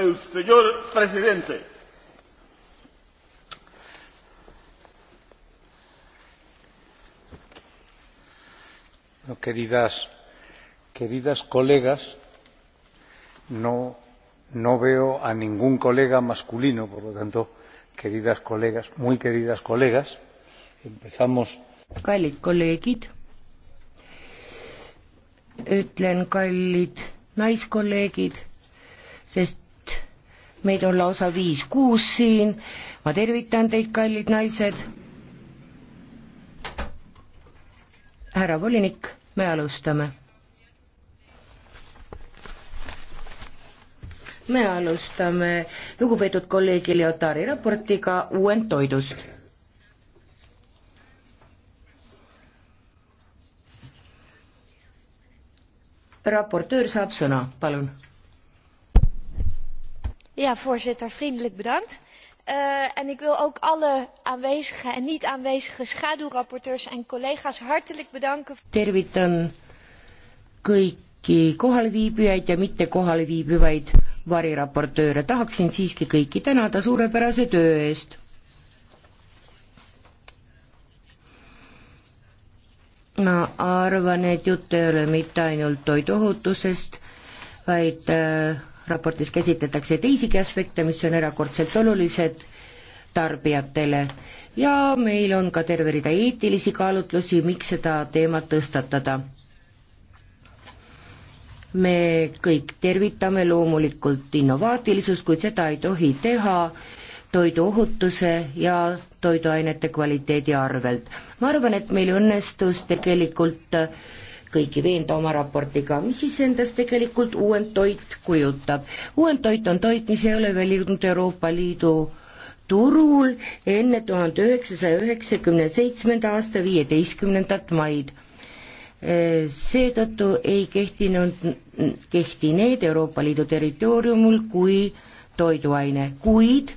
el señor presidente. No, queridas, queridas colegas, no, no veo a ningún colega masculino, por lo tanto, queridas colegas, muy queridas colegas, empezamos. Kallid kolleegid, ütlen kallid naiskolleegid, sest meid on lausa viis-kuus siin, ma tervitan teid, kallid naised. härra volinik, me alustame. me alustame lugupeetud kolleegi Leotari raportiga uuend toidust raportöör saab sõna, palun voorzitter vriendelijk bedankt. Eh, ik wil ook alle aanwezige en niet aanwezige schaduwrapporteurs en collega's hartelijk bedanken. tervitan kõiki kohalviibijaid ja mitte kohalviibivaid variraportööre. tahaksin siiski kõiki tänada suurepärase töö eest. ma arvan, et jutt ei ole mitte ainult toiduohutusest, vaid äh, raportis käsitletakse teisigi aspekte, mis on erakordselt olulised tarbijatele ja meil on ka terve rida eetilisi kaalutlusi, miks seda teemat tõstatada. me kõik tervitame loomulikult innovaatilisust, kuid seda ei tohi teha toiduohutuse ja toiduainete kvaliteedi arvelt. ma arvan, et meil õnnestus tegelikult äh, kõiki veenda oma raportiga, mis siis endast tegelikult uuend toit kujutab. uuend toit on toit, mis ei ole veel jõudnud Euroopa Liidu turul enne tuhande üheksasaja üheksakümne seitsmenda aasta viieteistkümnendat maid. seetõttu ei kehtinud, kehti need Euroopa Liidu territooriumil kui toiduaine, kuid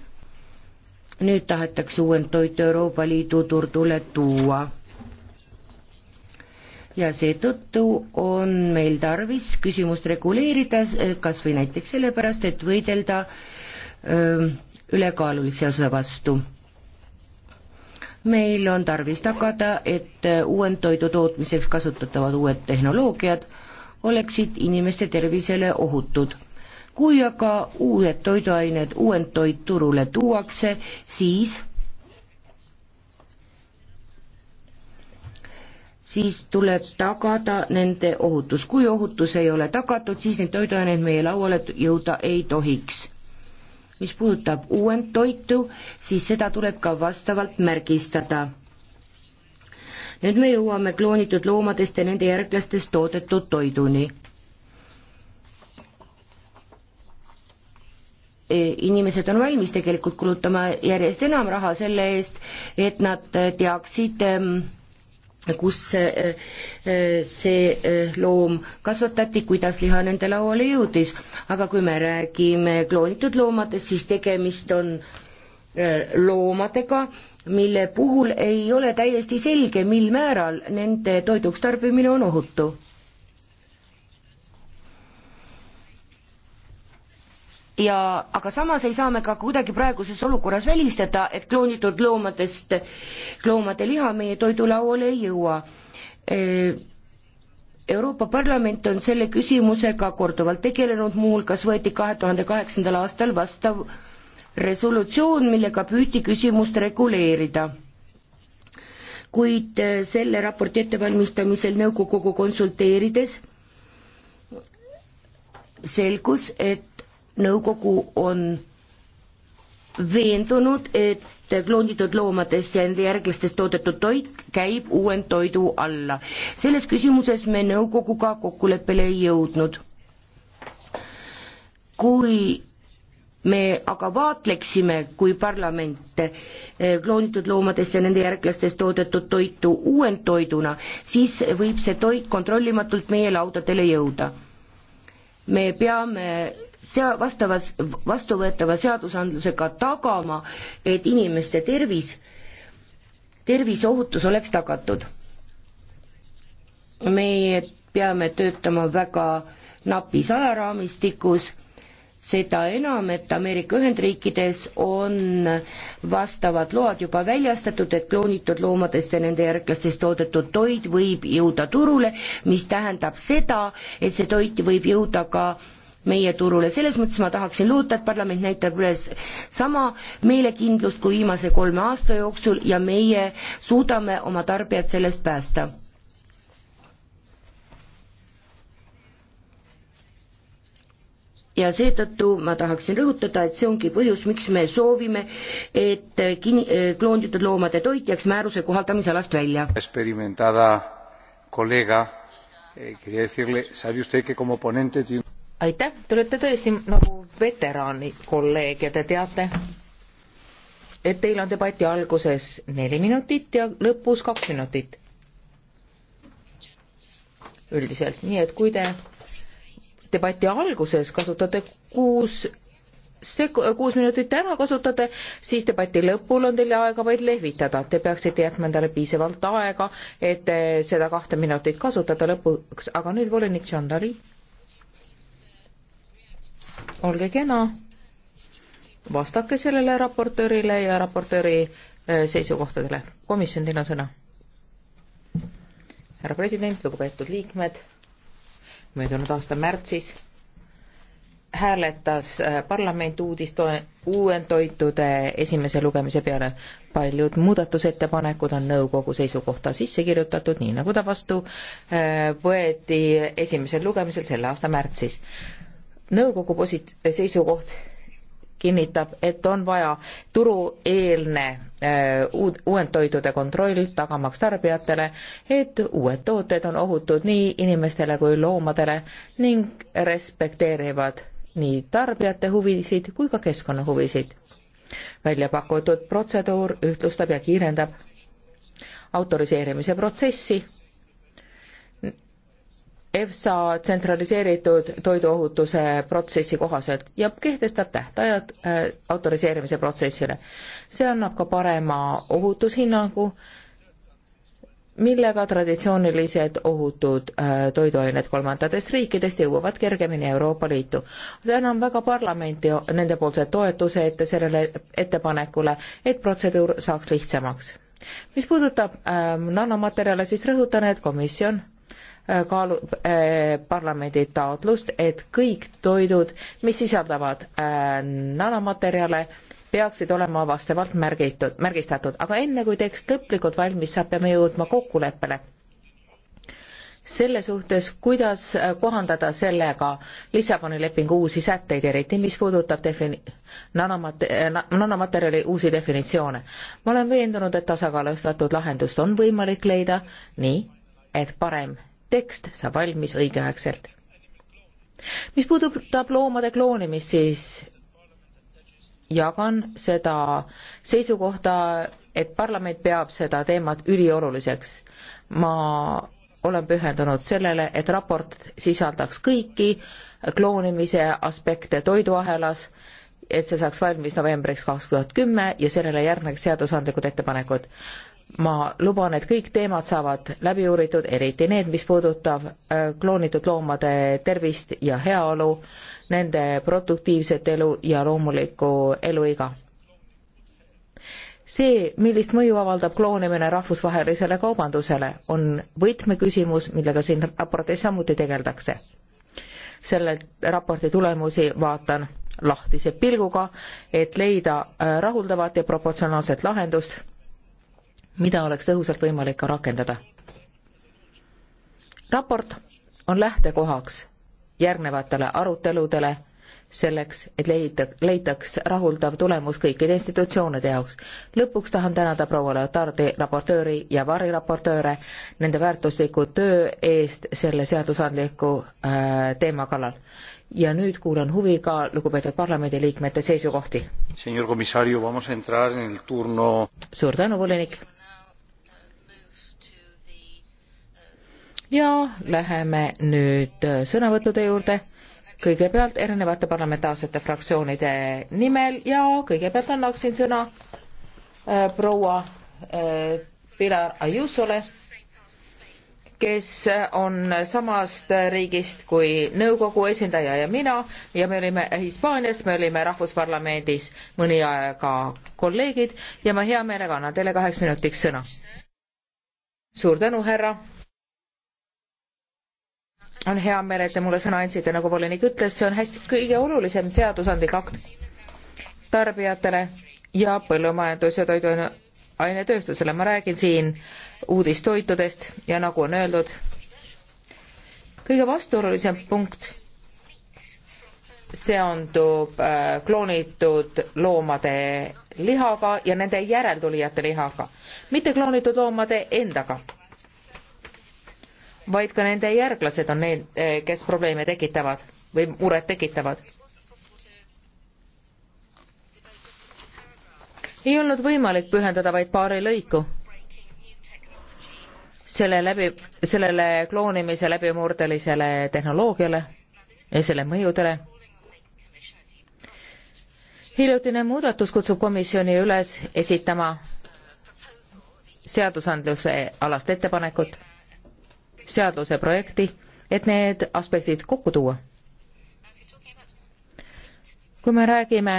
nüüd tahetakse uuend toit Euroopa Liidu turdule tuua ja seetõttu on meil tarvis küsimust reguleerida eh, kas või näiteks sellepärast, et võidelda öö, eh, ülekaalulisuse vastu meil on tarvis tagada, et eh, uuendtoidu tootmiseks kasutatavad uued tehnoloogiad oleksid inimeste tervisele ohutud. kui aga uued toiduained, uuendtoit turule tuuakse, siis siis tuleb tagada nende ohutus. kui ohutus ei ole tagatud, siis neid toiduaineid meie lauale jõuda ei tohiks. mis puudutab uuendtoitu, siis seda tuleb ka vastavalt märgistada. nüüd me jõuame kloonitud loomadest ja nende järglastest toodetud toiduni. E, inimesed on valmis tegelikult kulutama järjest enam raha selle eest, et nad teaksid ähm, kus see eh, eh, eh, loom kasvatati, kuidas liha nende lauale jõudis. aga kui me räägime kloonitud loomadest, siis tegemist on loomadega, mille puhul ei ole täiesti selge, mil määral nende toiduks tarbimine on ohutu ja aga samas ei saa me ka kuidagi praeguses olukorras välistada, et kloonitud loomadest, loomade liha meie toidulauale ei jõua. E, Euroopa Parlament on selle küsimusega korduvalt tegelenud, muuhulgas võeti kahe tuhande kaheksandal aastal vastav resolutsioon, millega püüti küsimust reguleerida. kuid e, selle raporti ettevalmistamisel nõukoguga konsulteerides selgus, et nõukogu on veendunud, et kloonitud loomadest ja nende järglastest toodetud toit käib uuendtoidu alla. selles küsimuses me nõukoguga kokkuleppele ei jõudnud. kui me aga vaatleksime, kui parlament eh, kloonitud loomadest ja nende järglastest toodetud toitu uuendtoiduna, siis võib see toit kontrollimatult meie laudadele jõuda. me peame sea-, vastavas, vastuvõetava seadusandlusega tagama, et inimeste tervis, terviseohutus oleks tagatud. me peame töötama väga napis ajaraamistikus, seda enam, et Ameerika Ühendriikides on vastavad load juba väljastatud, et kloonitud loomadest ja nende järglastest toodetud toit võib jõuda turule, mis tähendab seda, et see toit võib jõuda ka äh, meie turule, selles mõttes ma tahaksin loota, et parlament näitab üles sama meelekindlust kui viimase kolme aasta jooksul ja meie suudame oma tarbijad sellest päästa. ja seetõttu ma tahaksin rõhutada, et see ongi põhjus, miks me soovime, et kin-, kloonitud loomade toit jääks määruse kohaldamisalast välja. experimentada kolleega eh, quería decirle, sabe usted que como ponente tiene aitäh, te olete tõesti nagu veteraani kolleeg ja te teate, et teil on debati alguses neli minutit ja lõpus kaks minutit. üldiselt, nii et kui te debati alguses kasutate kuus sek-, äh, kuus minutit ära kasutate, siis debati lõpul on teil aega vaid lehvitada. Te peaksite jätma endale piisavalt aega, et äh, seda kahte minutit kasutada lõpuks, aga nüüd volinik Jean Dali olge kena, vastake sellele raportöörile ja raportööri äh, seisukohtadele. komisjon, teil on sõna. härra president, lugupeetud liikmed, möödunud aasta märtsis hääletas äh, parlament uudistoe, uuendtoitude esimese lugemise peale. paljud muudatusettepanekud on nõukogu seisukohta sisse kirjutatud, nii nagu ta vastu äh, võeti esimesel lugemisel selle aasta märtsis nõukogu posit-, seisukoht kinnitab, et on vaja turueelne äh, uud, uuendtoidude kontroll, tagamaks tarbijatele, et uued tooted on ohutud nii inimestele kui loomadele ning respekteerivad nii tarbijate huvisid kui ka keskkonnahuvisid. välja pakutud protseduur ühtlustab ja kiirendab autoriseerimise protsessi EFSA tsentraliseeritud toiduohutuse protsessi kohaselt ja kehtestab tähtajad äh, autoriseerimise protsessile. see annab ka parema ohutushinnangu, millega traditsioonilised ohutud äh, toiduained kolmandatest riikidest jõuavad kergemini Euroopa Liitu. tänan väga parlamenti nendepoolse toetuse ette sellele ettepanekule, et protseduur saaks lihtsamaks. mis puudutab äh, nanomaterjale, siis rõhutan, et komisjon kaalu- äh,, parlamendi taotlust, et kõik toidud, mis sisaldavad äh, eh, nanomaterjale, peaksid olema vastavalt märgitud, märgistatud, aga enne kui tekst lõplikult valmis saab, peame jõudma kokkuleppele selle suhtes, kuidas eh, kohandada sellega Lissaboni lepingu uusi sätteid, eriti mis puudutab defini-, nanomate-, nanomaterjali uusi definitsioone. ma olen veendunud, et tasakaalustatud lahendust on võimalik leida nii, et parem tekst saab valmis õigeaegselt. mis puudutab loomade kloonimist, siis jagan seda seisukohta, et parlament peab seda teemat ülioluliseks. ma olen pühendunud sellele, et raport sisaldaks kõiki kloonimise aspekte toiduahelas, et see saaks valmis novembriks kaks tuhat kümme ja sellele järgneks seadusandlikud ettepanekud ma luban, et kõik teemad saavad läbi uuritud, eriti need, mis puudutab äh, kloonitud loomade tervist ja heaolu, nende produktiivset elu ja loomulikku eluiga. see, millist mõju avaldab kloonimine rahvusvahelisele kaubandusele, on võtmeküsimus, millega siin raportis samuti tegeldakse. selle raporti tulemusi vaatan lahtise pilguga, et leida äh, rahuldavat ja proportsionaalset lahendust mida oleks tõhusalt võimalik ka rakendada. raport on lähtekohaks järgnevatele aruteludele selleks, et leida, leitaks rahuldav tulemus kõikide institutsioonide jaoks. lõpuks tahan tänada proua Leotardi raportööri ja variraportööre nende väärtusliku töö eest selle seadusandliku äh, teema kallal. ja nüüd kuulan huviga lugupeetud parlamendiliikmete seisukohti. suur tänu, volinik. ja läheme nüüd äh, sõnavõttude juurde. kõigepealt erinevate parlamentaarsete fraktsioonide nimel ja kõigepealt annaksin sõna äh, proua äh, Pilar Ajusole, kes on samast riigist kui nõukogu esindaja ja mina ja me olime Hispaaniast, me olime Rahvusparlamendis mõni aega kolleegid ja ma hea meelega annan teile kaheks minutiks sõna. suur tänu, härra on hea meel, et te mulle sõna andsite, nagu volinik ütles, see on hästi kõige olulisem seadusandlik akt tarbijatele ja põllumajandus- ja toiduainetööstusele. ma räägin siin uudistoitudest ja nagu on öeldud, kõige vastuolulisem punkt seondub äh, kloonitud loomade lihaga ja nende järeltulijate lihaga, mitte kloonitud loomade endaga vaid ka nende järglased on need, eh, kes probleeme tekitavad või muret tekitavad. ei olnud võimalik pühendada vaid paari lõiku selle läbi, sellele kloonimise läbimurdelisele tehnoloogiale ja selle mõjudele. hiljutine muudatus kutsub komisjoni üles esitama seadusandluse alast ettepanekut seaduse projekti, et need aspektid kokku tuua. kui me räägime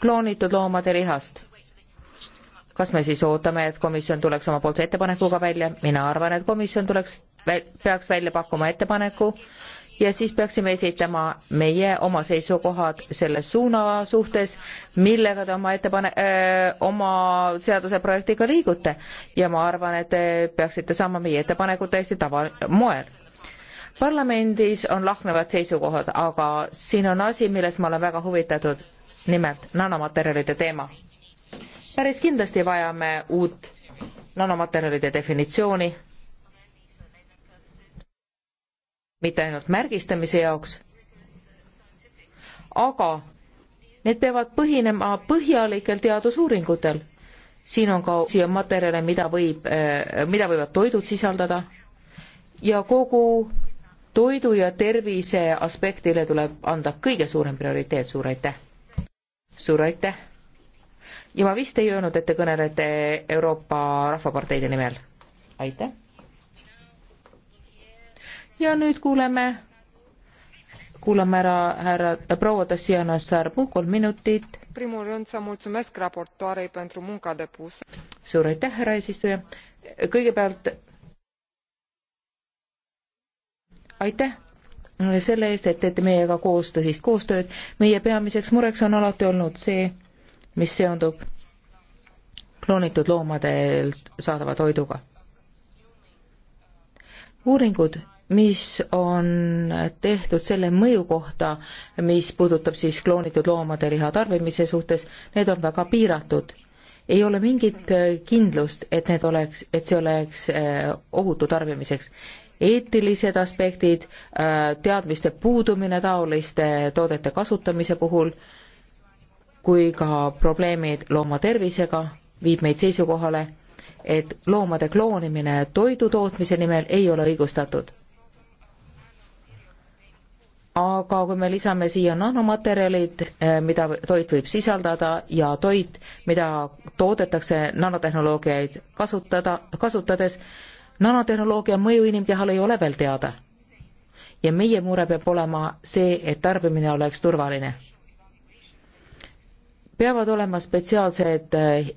kloonitud loomade lihast, kas me siis ootame, et komisjon tuleks omapoolse ettepanekuga välja, mina arvan, et komisjon tuleks, peaks välja pakkuma ettepaneku, ja siis peaksime esitama meie oma seisukohad selle suuna suhtes, millega te oma ettepane-, oma seaduseprojektiga liigute. ja ma arvan, et te peaksite saama meie ettepanekud täiesti tava-, moel. parlamendis on lahknevad seisukohad, aga siin on asi, milles ma olen väga huvitatud, nimelt nanomaterjalide teema. päris kindlasti vajame uut nanomaterjalide definitsiooni mitte ainult märgistamise jaoks, aga need peavad põhinema põhjalikel teadusuuringutel. siin on ka, siia materjale, mida võib, äh, mida võivad toidud sisaldada ja kogu toidu ja tervise aspektile tuleb anda kõige suurem prioriteet, suur aitäh! suur aitäh! ja ma vist ei öelnud, et te kõnelete Euroopa Rahvaparteide nimel. aitäh! ja nüüd kuuleme, kuulame ära härra äh, proua Tassiana Sarbu, kolm minutit. suur aitäh, härra eesistuja. kõigepealt aitäh selle eest, et teete meiega koos tõsist koostööd. meie peamiseks mureks on alati olnud see, mis seondub kloonitud loomadelt saadava toiduga. uuringud mis on tehtud selle mõju kohta, mis puudutab siis kloonitud loomade liha tarbimise suhtes, need on väga piiratud. ei ole mingit äh, kindlust, et need oleks, et see oleks äh, ohutu tarbimiseks. eetilised aspektid, äh, teadmiste puudumine taoliste toodete kasutamise puhul, kui ka probleemid looma tervisega, viib meid seisukohale, et loomade kloonimine toidu tootmise nimel ei ole õigustatud aga kui me lisame siia nanomaterjalid, eh, mida toit võib sisaldada ja toit, mida toodetakse nanotehnoloogiaid kasutada, kasutades, nanotehnoloogia mõju inimkehale ei ole veel teada. ja meie mure peab olema see, et tarbimine oleks turvaline. peavad olema spetsiaalsed eh,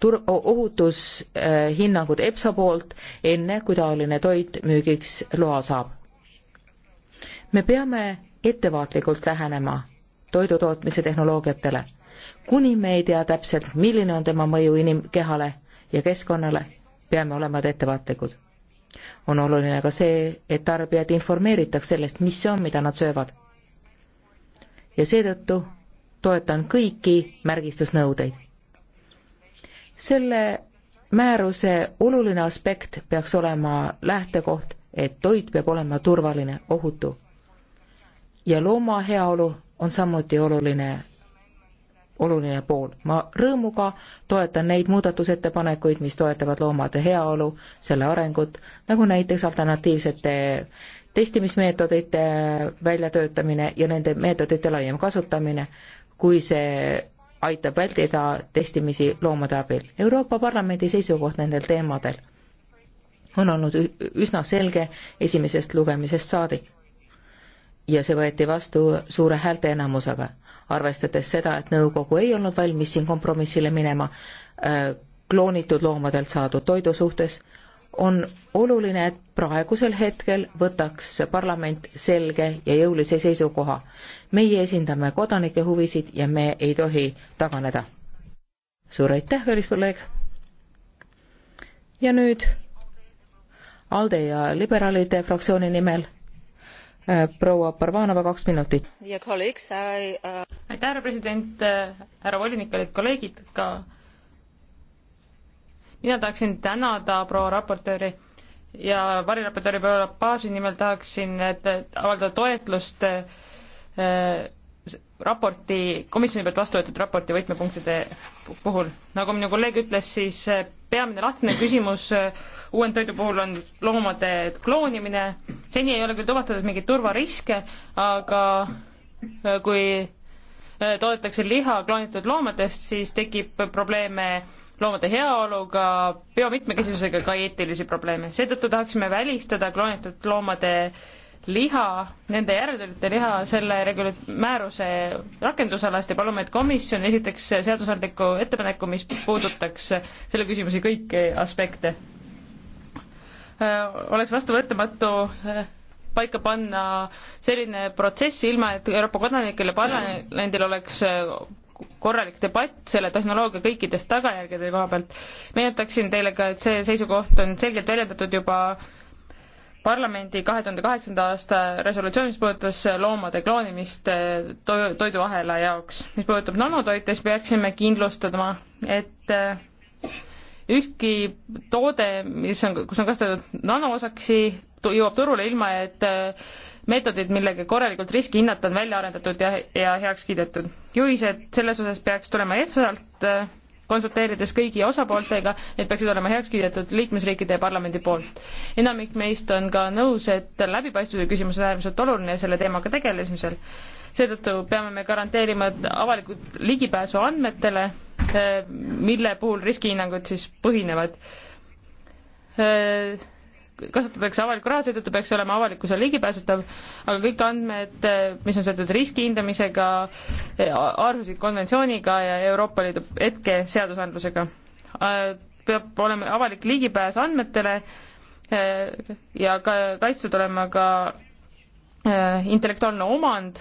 tur-, ohutushinnangud EPSA poolt, enne kui taoline toit müügiks loa saab me peame ettevaatlikult lähenema toidutootmise tehnoloogiatele, kuni me ei tea täpselt, milline on tema mõju inimkehale ja keskkonnale, peame olema ettevaatlikud. on oluline ka see, et tarbijad informeeritaks sellest, mis see on, mida nad söövad. ja seetõttu toetan kõiki märgistusnõudeid. selle määruse oluline aspekt peaks olema lähtekoht, et toit peab olema turvaline, ohutu ja looma heaolu on samuti oluline, oluline pool. ma rõõmuga toetan neid muudatusettepanekuid, mis toetavad loomade heaolu, selle arengut, nagu näiteks alternatiivsete testimismeetodite väljatöötamine ja nende meetodite laiem kasutamine, kui see aitab vältida testimisi loomade abil. Euroopa Parlamendi seisukoht nendel teemadel on olnud üsna selge esimesest lugemisest saadik ja see võeti vastu suure häälteenamusega, arvestades seda, et nõukogu ei olnud valmis siin kompromissile minema äh, kloonitud loomadelt saadud toidu suhtes, on oluline, et praegusel hetkel võtaks parlament selge ja jõulise seisukoha. meie esindame kodanike huvisid ja me ei tohi taganeda. suur aitäh, kallis kolleeg! ja nüüd ALDE ja liberaalide fraktsiooni nimel Äh, proua Parvanova, kaks minutit. Äh, aitäh, härra president, äh, härra volinik, kallid kolleegid, ka mina tahaksin tänada proua raportööri ja variraportööri proua Lapaaži nimel tahaksin avaldada toetlust äh, raporti, komisjoni poolt vastu võetud raporti võtmepunktide puhul. nagu minu kolleeg ütles, siis peamine lahtine küsimus äh, uuendtoidu puhul on loomade kloonimine. seni ei ole küll tuvastatud mingeid turvariske, aga äh, kui äh, toodetakse liha kloonitud loomadest, siis tekib probleeme loomade heaoluga, biomitmekesisusega, ka eetilisi probleeme. seetõttu tahaksime välistada kloonitud loomade äh, liha, nende järeltulite liha selle regula-, määruse rakendusalast ja palume, et komisjon esitaks seadusandliku ettepaneku, mis puudutaks selle küsimuse kõiki aspekte. Äh, oleks vastuvõetamatu äh, paika panna selline protsess, ilma et Euroopa kodanikel ja parlamendil oleks äh, korralik debatt selle tehnoloogia kõikidest tagajärgede koha pealt. meenutaksin teile ka, et see seisukoht on selgelt väljendatud juba parlamendi kahe tuhande kaheksanda aasta resolutsioon, mis puudutas loomade kloonimist eh, to-, toiduahela jaoks. mis puudutab nanotoite, siis peaksime kindlustama, et eh, ükski toode, mis on, kus on kasutatud nanoosakesi, jõuab turule ilma, et eh, meetodid, millega korralikult riski hinnata, on välja arendatud ja, ja heaks kiidetud. juhised selles osas peaks tulema EFSA-lt konsulteerides kõigi osapooltega, need peaksid olema heaks kiidetud liikmesriikide ja parlamendi poolt. enamik meist on ka nõus, et läbipaistvuse küsimus on äärmiselt oluline selle teemaga tegelemisel. seetõttu peame me garanteerima avalikult ligipääsu andmetele, eh, mille puhul riskihinnangud siis põhinevad eh, kasutatakse avalikku raha, seetõttu peaks olema avalikkusele ligipääsetav, aga kõik andmed, mis on seotud riski hindamisega, Aarhusi konventsiooniga ja Euroopa Liidu hetkeseadusandlusega, peab olema avalik ligipääs andmetele ja ka kaitstud olema ka intellektuaalne omand,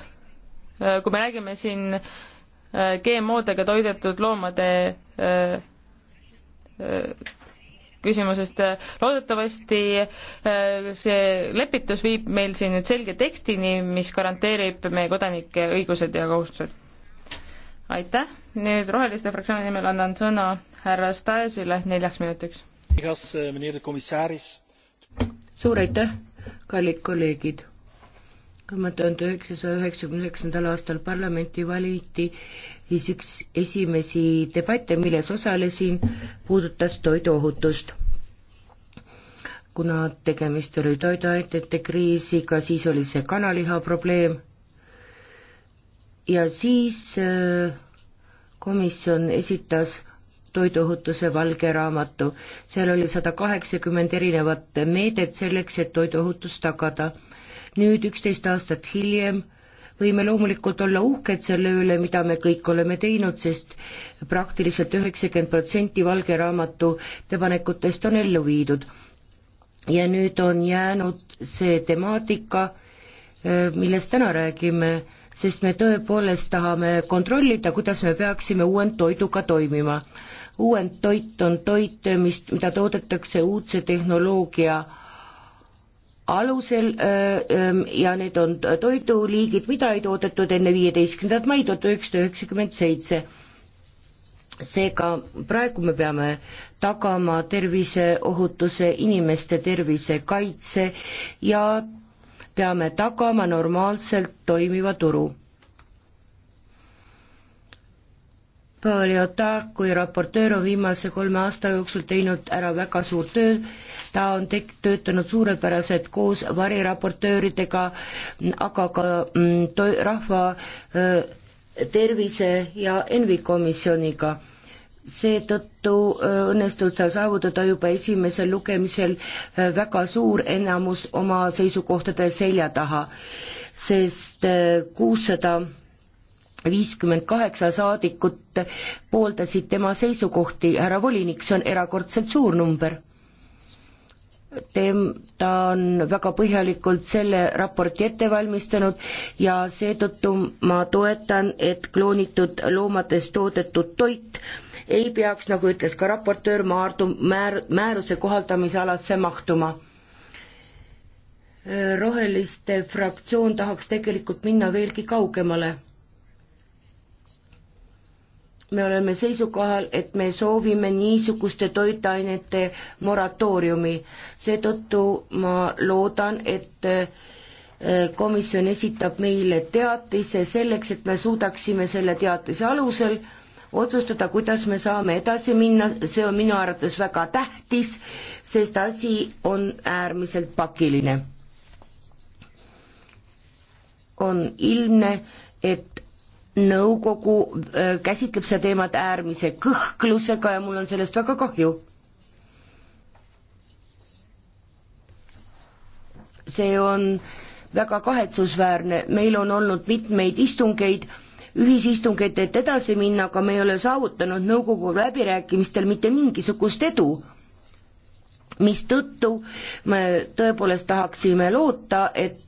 kui me räägime siin GMO-dega toidetud loomade küsimusest. loodetavasti äh, see lepitus viib meil siin nüüd selge tekstini, mis garanteerib meie kodanike õigused ja kohustused. aitäh, nüüd Roheliste fraktsiooni nimel annan sõna härra Stasile neljaks minutiks. Äh, suur aitäh, kallid kolleegid kui ma tuhande üheksasaja üheksakümne üheksandal aastal parlamenti valiti, siis üks esimesi debatte, milles osalesin, puudutas toiduohutust. kuna tegemist oli toiduainete kriisiga, siis oli see kanaliha probleem ja siis äh, komisjon esitas toiduohutuse valge raamatu. seal oli sada kaheksakümmend erinevat meedet selleks, et toiduohutust tagada nüüd, üksteist aastat hiljem, võime loomulikult olla uhked selle üle, mida me kõik oleme teinud, sest praktiliselt üheksakümmend protsenti Valge Raamatu ettepanekutest on ellu viidud. ja nüüd on jäänud see temaatika, millest täna räägime, sest me tõepoolest tahame kontrollida, kuidas me peaksime uuend toiduga toimima. uuend toit on toit, mis, mida toodetakse uudse tehnoloogia äh, alusel ja need on toiduliigid, mida ei toodetud enne viieteistkümnendat maid tuhat üheksasada üheksakümmend seitse. seega praegu me peame tagama terviseohutuse, inimeste tervisekaitse ja peame tagama normaalselt toimiva turu Paljota kui raportöör on viimase kolme aasta jooksul teinud ära väga suurt tööd, ta on tek-, töötanud suurepäraselt koos variraportööridega, aga ka mm, to-, rahva öö, tervise- ja envikomisjoniga. seetõttu õnnestus tal saavutada juba esimesel lugemisel öö, väga suur enamus oma seisukohtade selja taha, sest kuussada 600 viiskümmend kaheksa saadikut pooldasid tema seisukohti, härra volinik, see on erakordselt suur number. Tem-, ta on väga põhjalikult selle raporti ette valmistanud ja seetõttu ma toetan, et kloonitud loomadest toodetud toit ei peaks, nagu ütles ka raportöör, maardu-, määr-, määruse kohaldamise alasse mahtuma roheliste fraktsioon tahaks tegelikult minna veelgi kaugemale me oleme seisukohal, et me soovime niisuguste toitainete moratooriumi. seetõttu ma loodan, et äh, komisjon esitab meile teatise selleks, et me suudaksime selle teatise alusel otsustada, kuidas me saame edasi minna, see on minu arvates väga tähtis, sest asi on äärmiselt pakiline. on ilmne, et nõukogu äh, käsitleb seda teemat äärmise kõhklusega ja mul on sellest väga kahju. see on väga kahetsusväärne, meil on olnud mitmeid istungeid, ühisistungeid, et edasi minna, aga me ei ole saavutanud nõukogu läbirääkimistel mitte mingisugust edu mistõttu me tõepoolest tahaksime loota, et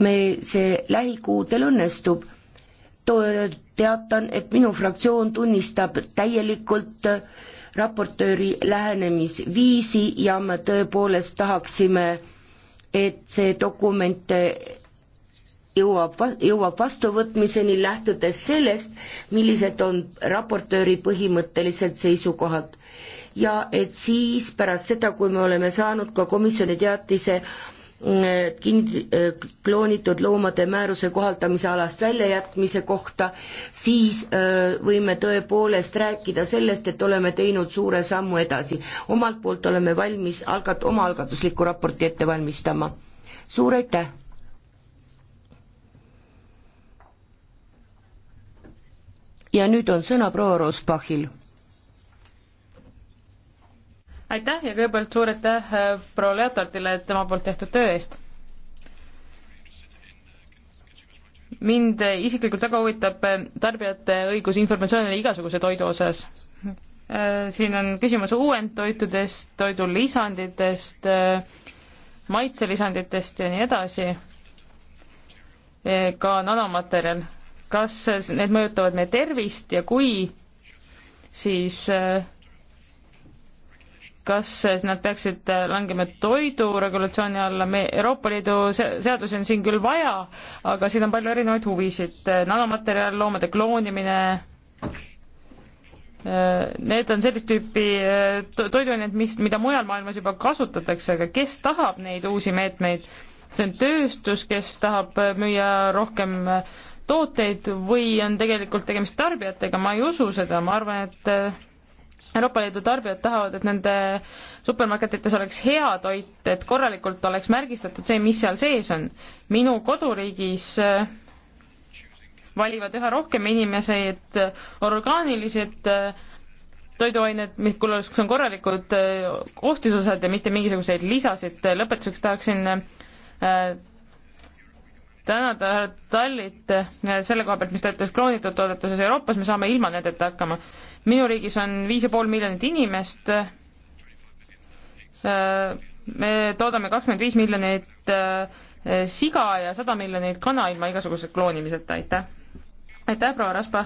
me, see lähikuudel õnnestub. teatan, et minu fraktsioon tunnistab täielikult äh, raportööri lähenemisviisi ja me tõepoolest tahaksime, et see dokument äh, jõuab, jõuab vastuvõtmiseni, lähtudes sellest, millised on raportööri põhimõttelised seisukohad. ja et siis pärast seda, kui me oleme saanud ka komisjoni teatise kind-, äh, kloonitud loomade määruse kohaldamise alast väljajätmise kohta, siis äh, võime tõepoolest rääkida sellest, et oleme teinud suure sammu edasi. omalt poolt oleme valmis algat-, omaalgatuslikku raporti ette valmistama. suur aitäh! ja nüüd on sõna proua Roospahil aitäh ja kõigepealt suur aitäh äh, proua Leotardile tema poolt tehtud töö eest. mind isiklikult väga huvitab äh, tarbijate õigus informatsioonile igasuguse toidu osas. Äh, siin on küsimus uuendtoitudest, toidulisanditest, maitselisanditest ja nii edasi, ka nanomaterjal. kas need mõjutavad meie tervist ja kui, siis äh, kas nad peaksid langema toidu regulatsiooni alla, me Euroopa Liidu seadusi on siin küll vaja, aga siin on palju erinevaid huvisid, nanomaterjal, loomade kloonimine, need on sellist tüüpi toiduained, mis, mida mujal maailmas juba kasutatakse, aga kes tahab neid uusi meetmeid, see on tööstus, kes tahab müüa rohkem tooteid või on tegelikult tegemist tarbijatega, ma ei usu seda, ma arvan, et Euroopa Liidu tarbijad tahavad, et nende supermarketites oleks hea toit, et korralikult oleks märgistatud see, mis seal sees on. minu koduriigis äh, valivad üha rohkem inimesed äh, orgaanilised äh, toiduained, kus on korralikud koostisosad ja mitte mingisuguseid lisasid. lõpetuseks tahaksin tänada härra Tallit selle koha pealt, mis ta ütles kroonitud toodetuses Euroopas, me saame ilma nendeta hakkama minu riigis on viis ja pool miljonit inimest, me toodame kakskümmend viis miljonit eh, siga ja sada miljonit kana ilma igasuguse kloonimiseta, aitäh! aitäh, proua Raspa!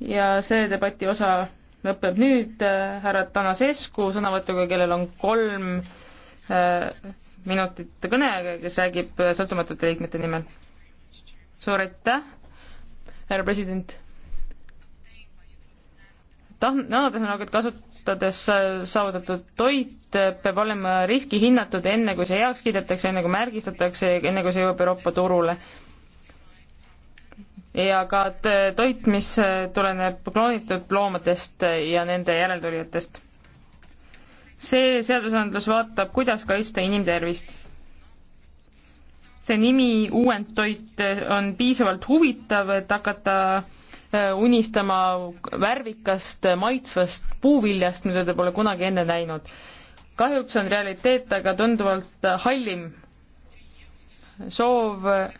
ja see debati osa lõpeb nüüd härra Tanasescu sõnavõtuga, kellel on kolm äh, minutit kõne, kes räägib sõltumatute liikmete nimel. suur aitäh, härra president nanotehnoloogiat kasutades äh, saavutatud toit äh, peab olema riskihinnatud enne, kui see heaks kiidetakse, enne kui märgistatakse, enne kui see jõuab Euroopa turule. ja ka toit, mis äh, tuleneb kloonitud loomadest ja nende järeltulijatest. see seadusandlus vaatab, kuidas kaitsta inimtervist. see nimi uuend toit on piisavalt huvitav, et hakata Äh, unistama värvikast maitsvast puuviljast, mida te pole kunagi enne näinud. kahjuks on realiteet aga tunduvalt äh, hallim. soov äh,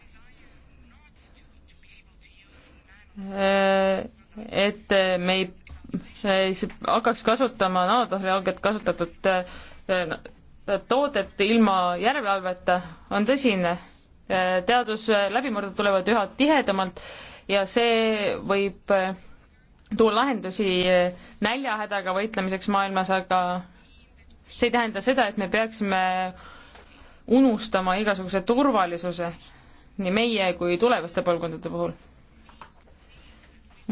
et me ei hakkaks kasutama naatohrialget kasutatud toodet ilma järelevalveta on tõsine. teaduse läbimurded tulevad üha tihedamalt ja see võib äh, tuua lahendusi äh, näljahädaga võitlemiseks maailmas, aga see ei tähenda seda, et me peaksime unustama igasuguse turvalisuse nii meie kui tulevaste põlvkondade puhul.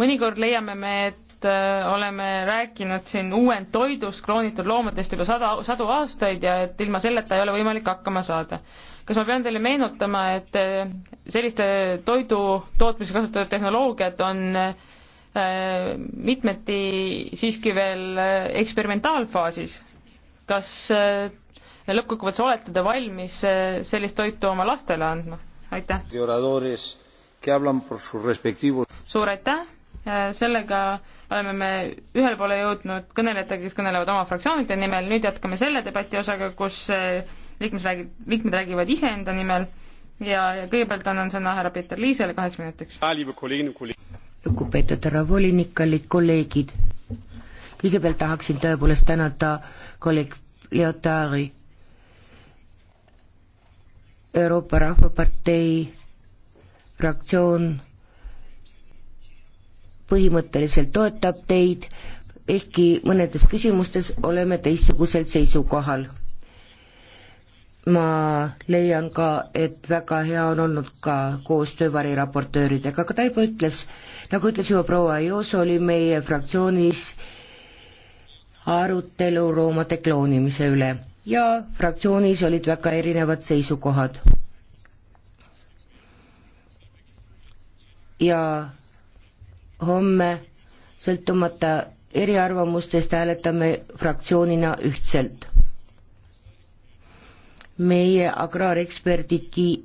mõnikord leiame me, et äh, oleme rääkinud siin uuendtoidust, kloonitud loomadest juba sada, sadu aastaid ja et ilma selleta ei ole võimalik hakkama saada kas ma pean teile meenutama, et eh, selliste toidu tootmises kasutatud tehnoloogiad on eh, mitmeti siiski veel eh, eksperimentaalfaasis. kas lõppkokkuvõttes olete te valmis sellist toitu oma lastele andma? aitäh! suur aitäh! sellega oleme me ühele poole jõudnud kõnelejatega, kes kõnelevad oma fraktsioonide nimel, nüüd jätkame selle debati osaga, kus liikmes räägib, liikmed räägivad iseenda nimel ja, ja kõigepealt annan sõna härra Peeter Liisele kaheks minutiks. lugupeetud härra volinik, kallid kolleegid, kõigepealt tahaksin tõepoolest tänada kolleeg Leotari Euroopa Rahvapartei fraktsioon põhimõtteliselt toetab teid, ehkki mõnedes küsimustes oleme teistsugusel seisukohal ma leian ka, et väga hea on olnud ka koostöö variraportööridega, aga ta juba ütles, nagu ütles juba proua Jooso, oli meie fraktsioonis arutelu loomade kloonimise üle ja fraktsioonis olid väga erinevad seisukohad. ja homme sõltumata eriarvamustest hääletame fraktsioonina ühtselt meie agraareksperdid ki-,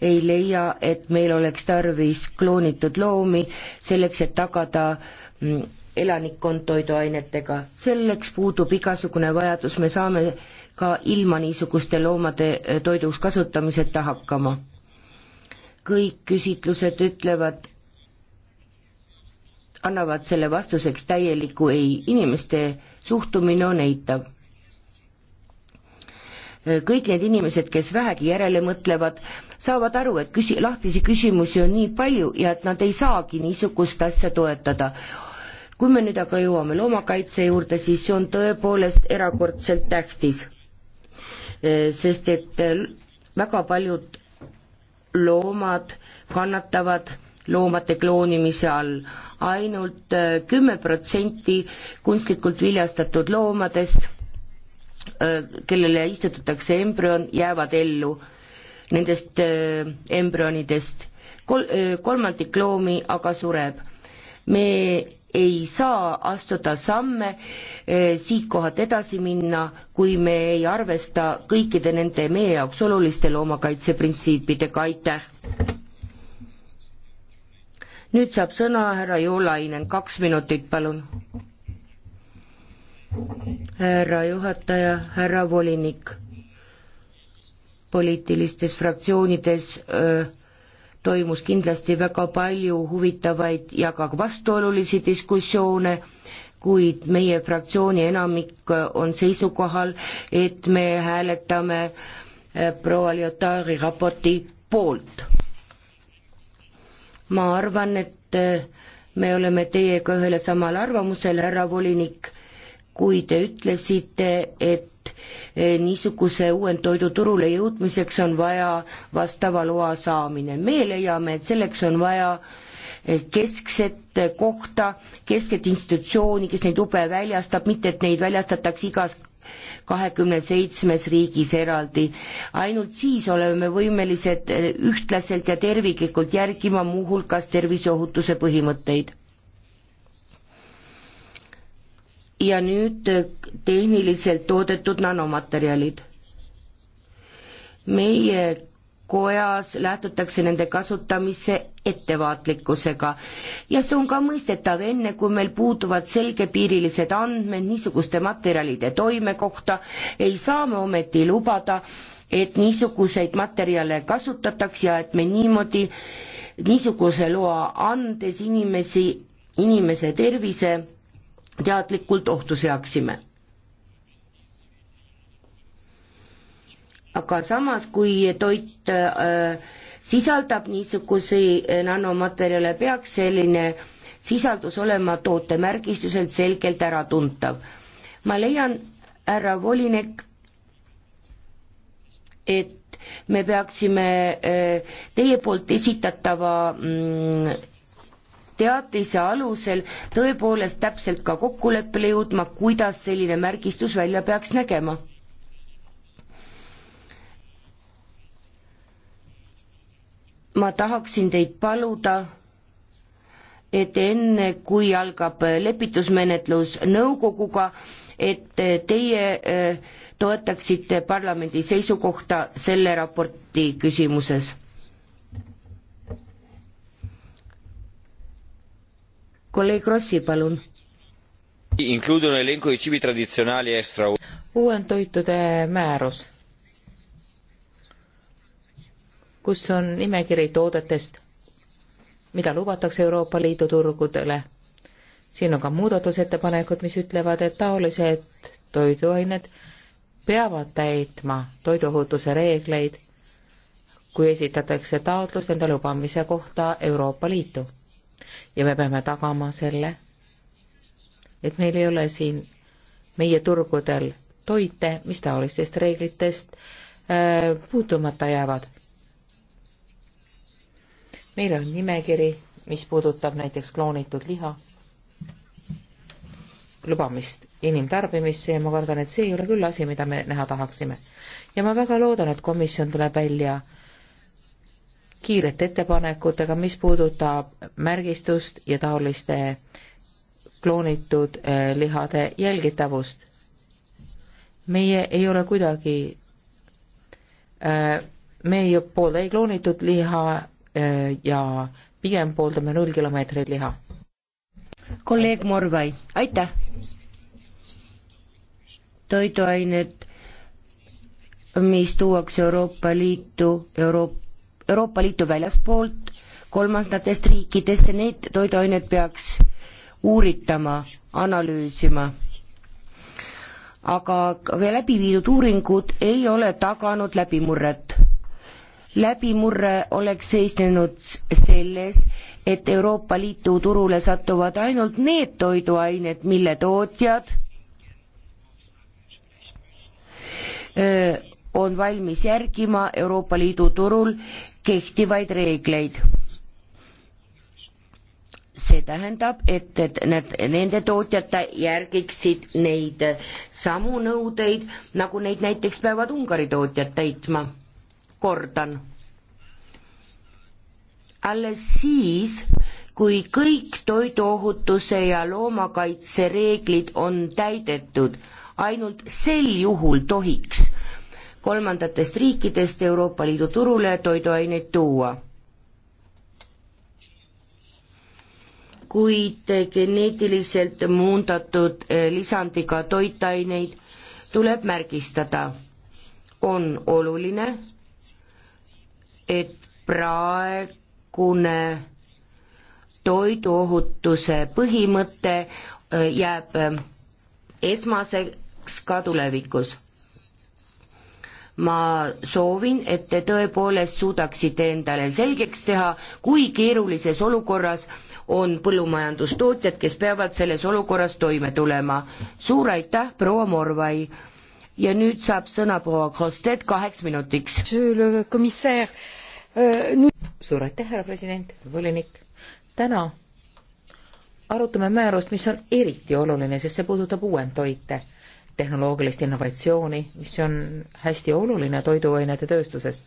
ei leia, et meil oleks tarvis kloonitud loomi selleks, et tagada mm, elanikkond toiduainetega. selleks puudub igasugune vajadus, me saame ka ilma niisuguste loomade eh, toiduks kasutamiseta hakkama. kõik küsitlused ütlevad, annavad selle vastuseks täieliku ei, inimeste suhtumine on eitav. kõik need inimesed, kes vähegi järele mõtlevad, saavad aru, et küsi-, lahtisi küsimusi on nii palju ja et nad ei saagi niisugust asja toetada. kui me nüüd aga jõuame loomakaitse juurde, siis see on tõepoolest erakordselt tähtis. sest et väga paljud loomad kannatavad loomade kloonimise all. ainult äh, kümme protsenti kunstlikult viljastatud loomadest, äh, kellele istutatakse embrüon, jäävad ellu nendest äh, embrüonidest. Kol-, kolmandik loomi aga sureb. me ei saa astuda samme siitkohalt edasi minna, kui me ei arvesta kõikide nende meie jaoks oluliste loomakaitseprintsiipidega, aitäh! nüüd saab sõna härra Joolainen, kaks minutit, palun. härra juhataja, härra volinik, poliitilistes fraktsioonides öö, äh, toimus kindlasti väga palju huvitavaid ja ka vastuolulisi diskussioone, kuid meie fraktsiooni enamik äh, on seisukohal, et me hääletame äh, proua Lyotari raporti poolt ma arvan, et äh, me oleme teiega ühele samal arvamusel, härra volinik, kui te ütlesite, et äh, niisuguse uuendtoidu turule jõudmiseks on vaja vastava loa saamine. me leiame, et selleks on vaja äh, keskset kohta, keskset institutsiooni, kes neid lube väljastab, mitte et neid väljastatakse igas kahekümne seitsmes riigis eraldi. ainult siis oleme võimelised eh, ühtlaselt ja terviklikult järgima muuhulgas terviseohutuse põhimõtteid. ja nüüd eh, tehniliselt toodetud nanomaterjalid meie kojas lähtutakse nende kasutamise ettevaatlikkusega. ja see on ka mõistetav, enne kui meil puuduvad selgepiirilised andmed niisuguste materjalide toime kohta, ei saa me ometi lubada, et niisuguseid materjale kasutatakse ja et me niimoodi, niisuguse loa andes inimesi, inimese tervise teadlikult ohtu seaksime aga samas, kui toit äh, sisaldab niisuguseid äh, nanomaterjale, peaks selline sisaldus olema tootemärgistuselt selgelt äratuntav. ma leian, härra volinik, et me peaksime äh, teie poolt esitatava mm, teatise alusel tõepoolest täpselt ka kokkuleppele jõudma, kuidas selline märgistus välja peaks nägema ma tahaksin teid paluda, et enne, kui algab lepitusmenetlus nõukoguga, et teie eh, toetaksite parlamendi seisukohta selle raporti küsimuses. kolleeg Rossi, palun. uuendtoitude määrus kus on nimekiri toodetest, mida lubatakse Euroopa Liidu turgudele. siin on ka muudatusettepanekud, mis ütlevad, et taolised toiduained peavad täitma toiduohutuse reegleid, kui esitatakse taotlus nende lubamise kohta Euroopa Liitu. ja me peame tagama selle, et meil ei ole siin meie turgudel toite, mis taolistest reeglitest äh, puutumata jäävad meil on nimekiri, mis puudutab näiteks kloonitud liha lubamist inimtarbimisse ja ma kardan, et see ei ole küll asi, mida me näha tahaksime. ja ma väga loodan, et komisjon tuleb välja kiirete ettepanekutega, mis puudutab märgistust ja taoliste kloonitud äh, lihade jälgitavust. meie ei ole kuidagi, äh, me ei poolda ei kloonitud liha Äh, ja pigem pooldame null kilomeetreid liha. kolleeg Morvai, aitäh! toiduained, mis tuuakse Euroopa Liitu, Euroop-, Euroopa Liitu väljaspoolt, kolmandatest riikidesse, need toiduained peaks uuritama, analüüsima. aga läbi viidud uuringud ei ole taganud läbimurret läbimurre oleks seisnenud selles, et Euroopa Liidu turule satuvad ainult need toiduained, mille tootjad öö, on valmis järgima Euroopa Liidu turul kehtivaid reegleid. see tähendab, et, et need, nende tootjad järgiksid neid samu nõudeid, nagu neid näiteks peavad Ungari tootjad täitma kordan. alles siis, kui kõik toiduohutuse ja loomakaitse reeglid on täidetud, ainult sel juhul tohiks kolmandatest riikidest Euroopa Liidu turule toiduaineid tuua. kuid geneetiliselt muundatud eh, lisandiga toitaineid tuleb märgistada. on oluline, et praegune toiduohutuse põhimõte äh, jääb äh, esmaseks ka tulevikus. ma soovin, et te tõepoolest suudaksite endale selgeks teha, kui keerulises olukorras on põllumajandustootjad, kes peavad selles olukorras toime tulema. suur aitäh, proua Morvai! ja nüüd saab sõna proua Krostet kaheks minutiks. Euh, suur aitäh, härra president, volinik. täna arutame määrust, mis on eriti oluline, sest see puudutab uuendtoite, tehnoloogilist innovatsiooni, mis on hästi oluline toiduainete tööstuses.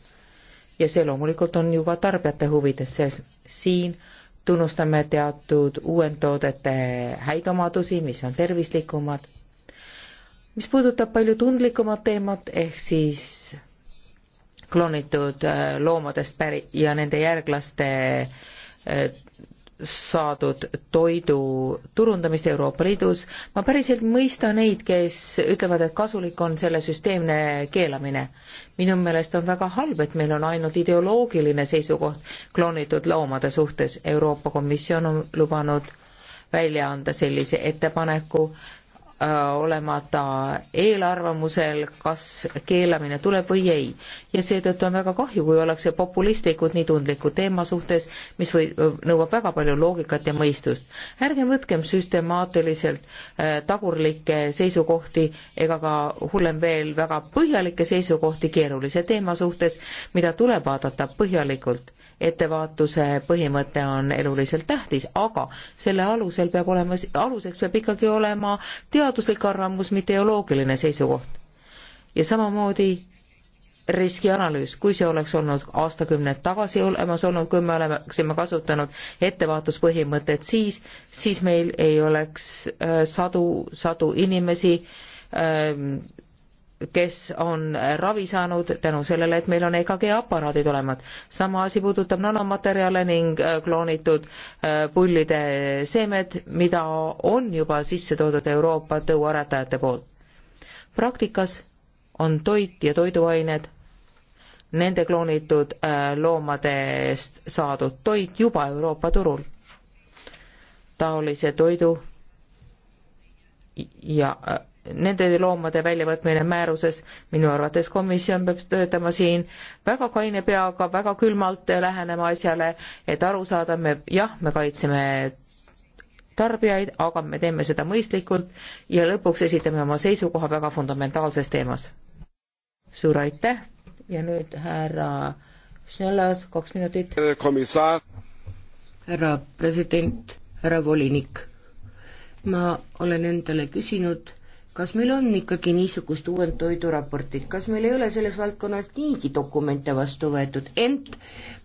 ja see loomulikult on ju ka tarbijate huvides, sest siin tunnustame teatud uuendtoodete häid omadusi, mis on tervislikumad mis puudutab palju tundlikumat teemat ehk siis kloonitud äh, loomadest päri- ja nende järglaste äh, saadud toidu turundamist Euroopa Liidus. ma päriselt mõista neid, kes ütlevad, et kasulik on selle süsteemne keelamine. minu meelest on väga halb, et meil on ainult ideoloogiline seisukoht kloonitud loomade suhtes. Euroopa Komisjon on lubanud välja anda sellise ettepaneku Äh, olema ta eelarvamusel, kas keelamine tuleb või ei. ja seetõttu on väga kahju, kui ollakse populistlikud nii tundliku teema suhtes, mis või, nõuab väga palju loogikat ja mõistust. ärgem võtkem süstemaatiliselt äh, tagurlikke seisukohti ega ka hullem veel, väga põhjalikke seisukohti keerulise teema suhtes, mida tuleb vaadata põhjalikult ettevaatuse põhimõte on eluliselt tähtis, aga selle alusel peab olema, aluseks peab ikkagi olema teaduslik arvamus, mitte ideoloogiline seisukoht. ja samamoodi riskianalüüs, kui see oleks olnud aastakümneid tagasi olemas olnud, kui me oleksime kasutanud ettevaatuspõhimõtet, siis, siis meil ei oleks äh, sadu, sadu inimesi ähm, kes on ravi saanud tänu sellele, et meil on EKG aparaadid olemas. sama asi puudutab nanomaterjale ning äh, kloonitud äh, pullide seemed, mida on juba sisse toodud Euroopa tõuaretajate poolt. praktikas on toit ja toiduained nende kloonitud äh, loomadest saadud toit juba Euroopa turul. taolise toidu ja nende loomade väljavõtmine määruses, minu arvates komisjon peab töötama siin väga kaine peaga, väga külmalt lähenema asjale, et aru saada, me jah, me kaitseme tarbijaid, aga me teeme seda mõistlikult ja lõpuks esitame oma seisukoha väga fundamentaalses teemas. suur aitäh ja nüüd härra Schneller, kaks minutit. härra president, härra volinik, ma olen endale küsinud kas meil on ikkagi niisugust uuend toiduraportit, kas meil ei ole selles valdkonnas niigi dokumente vastu võetud, ent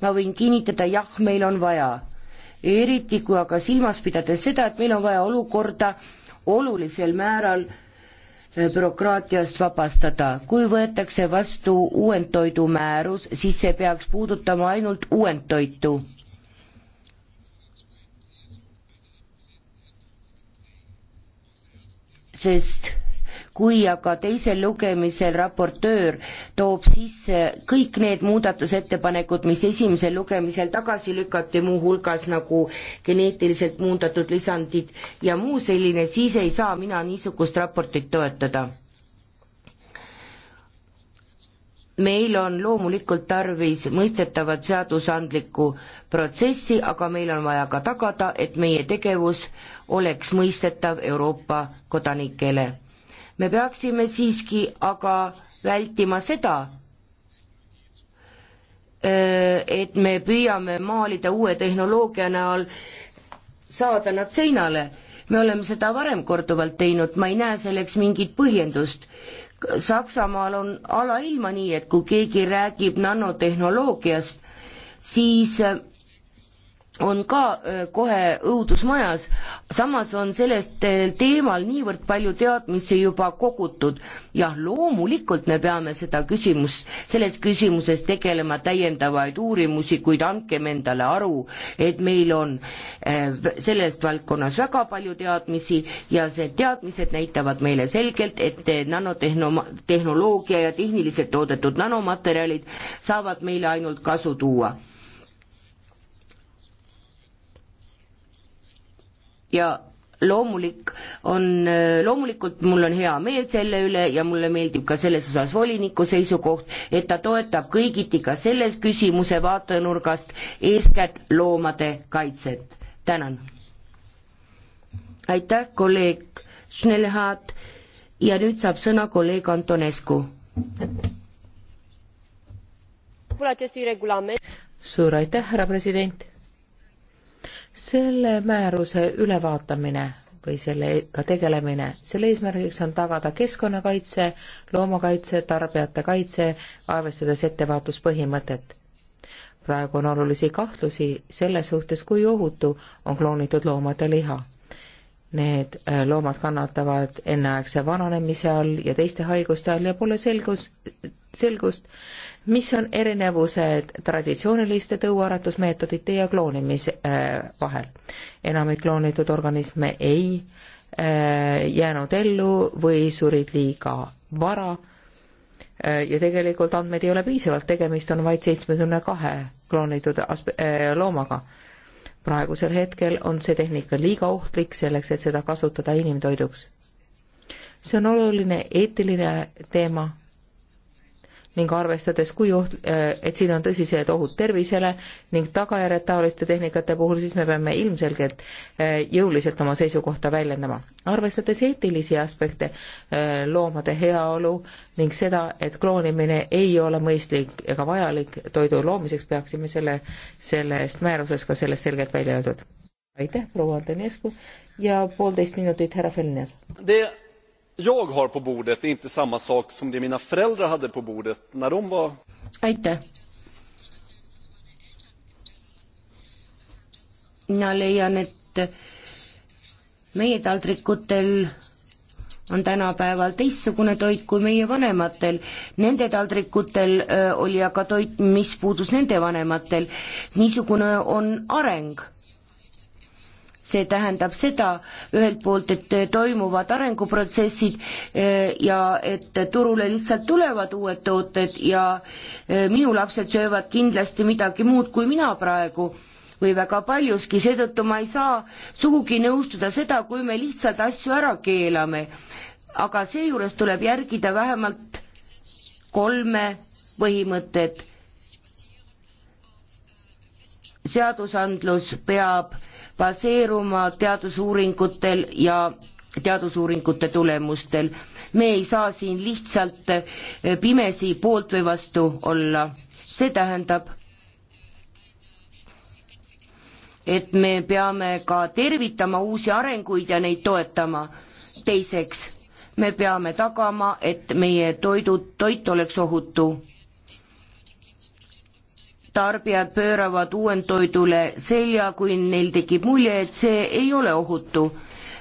ma võin kinnitada, jah, meil on vaja. eriti kui aga silmas pidades seda, et meil on vaja olukorda olulisel määral eh, bürokraatiast vabastada. kui võetakse vastu uuendtoidu määrus, siis see peaks puudutama ainult uuendtoitu sest kui aga teisel lugemisel raportöör toob sisse kõik need muudatusettepanekud, mis esimesel lugemisel tagasi lükati, muuhulgas nagu geneetiliselt muundatud lisandid ja muu selline, siis ei saa mina niisugust raportit toetada meil on loomulikult tarvis mõistetavat seadusandlikku protsessi, aga meil on vaja ka tagada, et meie tegevus oleks mõistetav Euroopa kodanikele. me peaksime siiski aga vältima seda, äh, et me püüame maalida uue tehnoloogia näol, saada nad seinale me oleme seda varem korduvalt teinud, ma ei näe selleks mingit põhjendust. Saksamaal on alailma nii, et kui keegi räägib nanotehnoloogiast, siis on ka kohe õudusmajas, samas on sellest teemal niivõrd palju teadmisi juba kogutud. jah, loomulikult me peame seda küsimust, selles küsimuses tegelema täiendavaid uurimusi, kuid andkem endale aru, et meil on selles valdkonnas väga palju teadmisi ja see teadmised näitavad meile selgelt, et nanotehnoloogia ja tehniliselt toodetud nanomaterjalid saavad meile ainult kasu tuua ja loomulik on, loomulikult mul on hea meel selle üle ja mulle meeldib ka selles osas voliniku seisukoht, et ta toetab kõigiti ka selles küsimuse vaatenurgast eeskätt loomade kaitset. tänan. aitäh, kolleeg Schnellhardt ja nüüd saab sõna kolleeg Antonescu. suur aitäh, härra president selle määruse ülevaatamine või sellega tegelemine. selle eesmärgiks on tagada keskkonnakaitse, loomakaitse, tarbijate kaitse, arvestades ettevaatuspõhimõtet. praegu on olulisi kahtlusi selles suhtes, kui ohutu on kloonitud loomade liha. Need äh, loomad kannatavad enneaegse vananemise all ja teiste haiguste all ja pole selgus, selgust, mis on erinevused traditsiooniliste tõuaretusmeetodite ja kloonimise äh, vahel? enamik kloonitud organisme ei äh, jäänud ellu või surid liiga vara äh, ja tegelikult andmeid ei ole piisavalt, tegemist on vaid seitsmekümne kahe kloonitud loomaga. praegusel hetkel on see tehnika liiga ohtlik selleks, et seda kasutada inimtoiduks. see on oluline eetiline teema ning arvestades, kui oht, äh, et siin on tõsised ohud tervisele ning tagajärjed taoliste tehnikate puhul, siis me peame ilmselgelt äh, jõuliselt oma seisukohta väljendama. arvestades eetilisi aspekte, äh, loomade heaolu ning seda, et kloonimine ei ole mõistlik ega vajalik toidu loomiseks, peaksime selle, sellest määruses ka sellest selgelt välja öeldud. aitäh, proua Antonescu ja poolteist minutit, härra Felner jag har på bordet är inte samma sak som det mina föräldrar hade på bordet när de var aitäh mina leian, et meie taldrikutel on tänapäeval teistsugune toit kui meie vanematel. Nende taldrikutel öö, äh, oli aga toit, mis puudus nende vanematel. niisugune on areng see tähendab seda ühelt poolt, et toimuvad arenguprotsessid eh, ja et turule lihtsalt tulevad uued tooted ja eh, minu lapsed söövad kindlasti midagi muud kui mina praegu või väga paljuski, seetõttu ma ei saa sugugi nõustuda seda, kui me lihtsalt asju ära keelame. aga seejuures tuleb järgida vähemalt kolme põhimõtet seadusandlus peab baseeruma teadusuuringutel ja teadusuuringute tulemustel. me ei saa siin lihtsalt eh, pimesi poolt või vastu olla. see tähendab, et me peame ka tervitama uusi arenguid ja neid toetama. teiseks, me peame tagama, et meie toidud, toit oleks ohutu tarbijad pööravad uuendtoidule selja, kui neil tekib mulje, et see ei ole ohutu,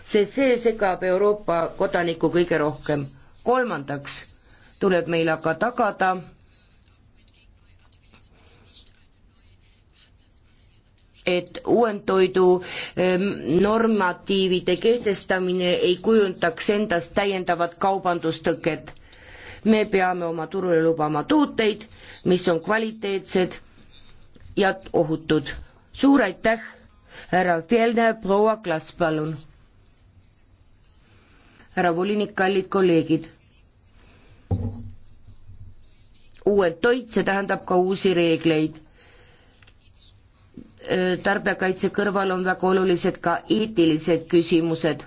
sest see segab Euroopa kodanikku kõige rohkem. kolmandaks tuleb meil aga tagada et uuendtoidu ehm, normatiivide kehtestamine ei kujundaks endast täiendavat kaubandustõket. me peame oma turule lubama tooteid, mis on kvaliteetsed ja ohutud. suur aitäh, härra Fjellner, proua Klas, palun. härra volinik, kallid kolleegid. uued toit, see tähendab ka uusi reegleid. tarbijakaitse kõrval on väga olulised ka eetilised küsimused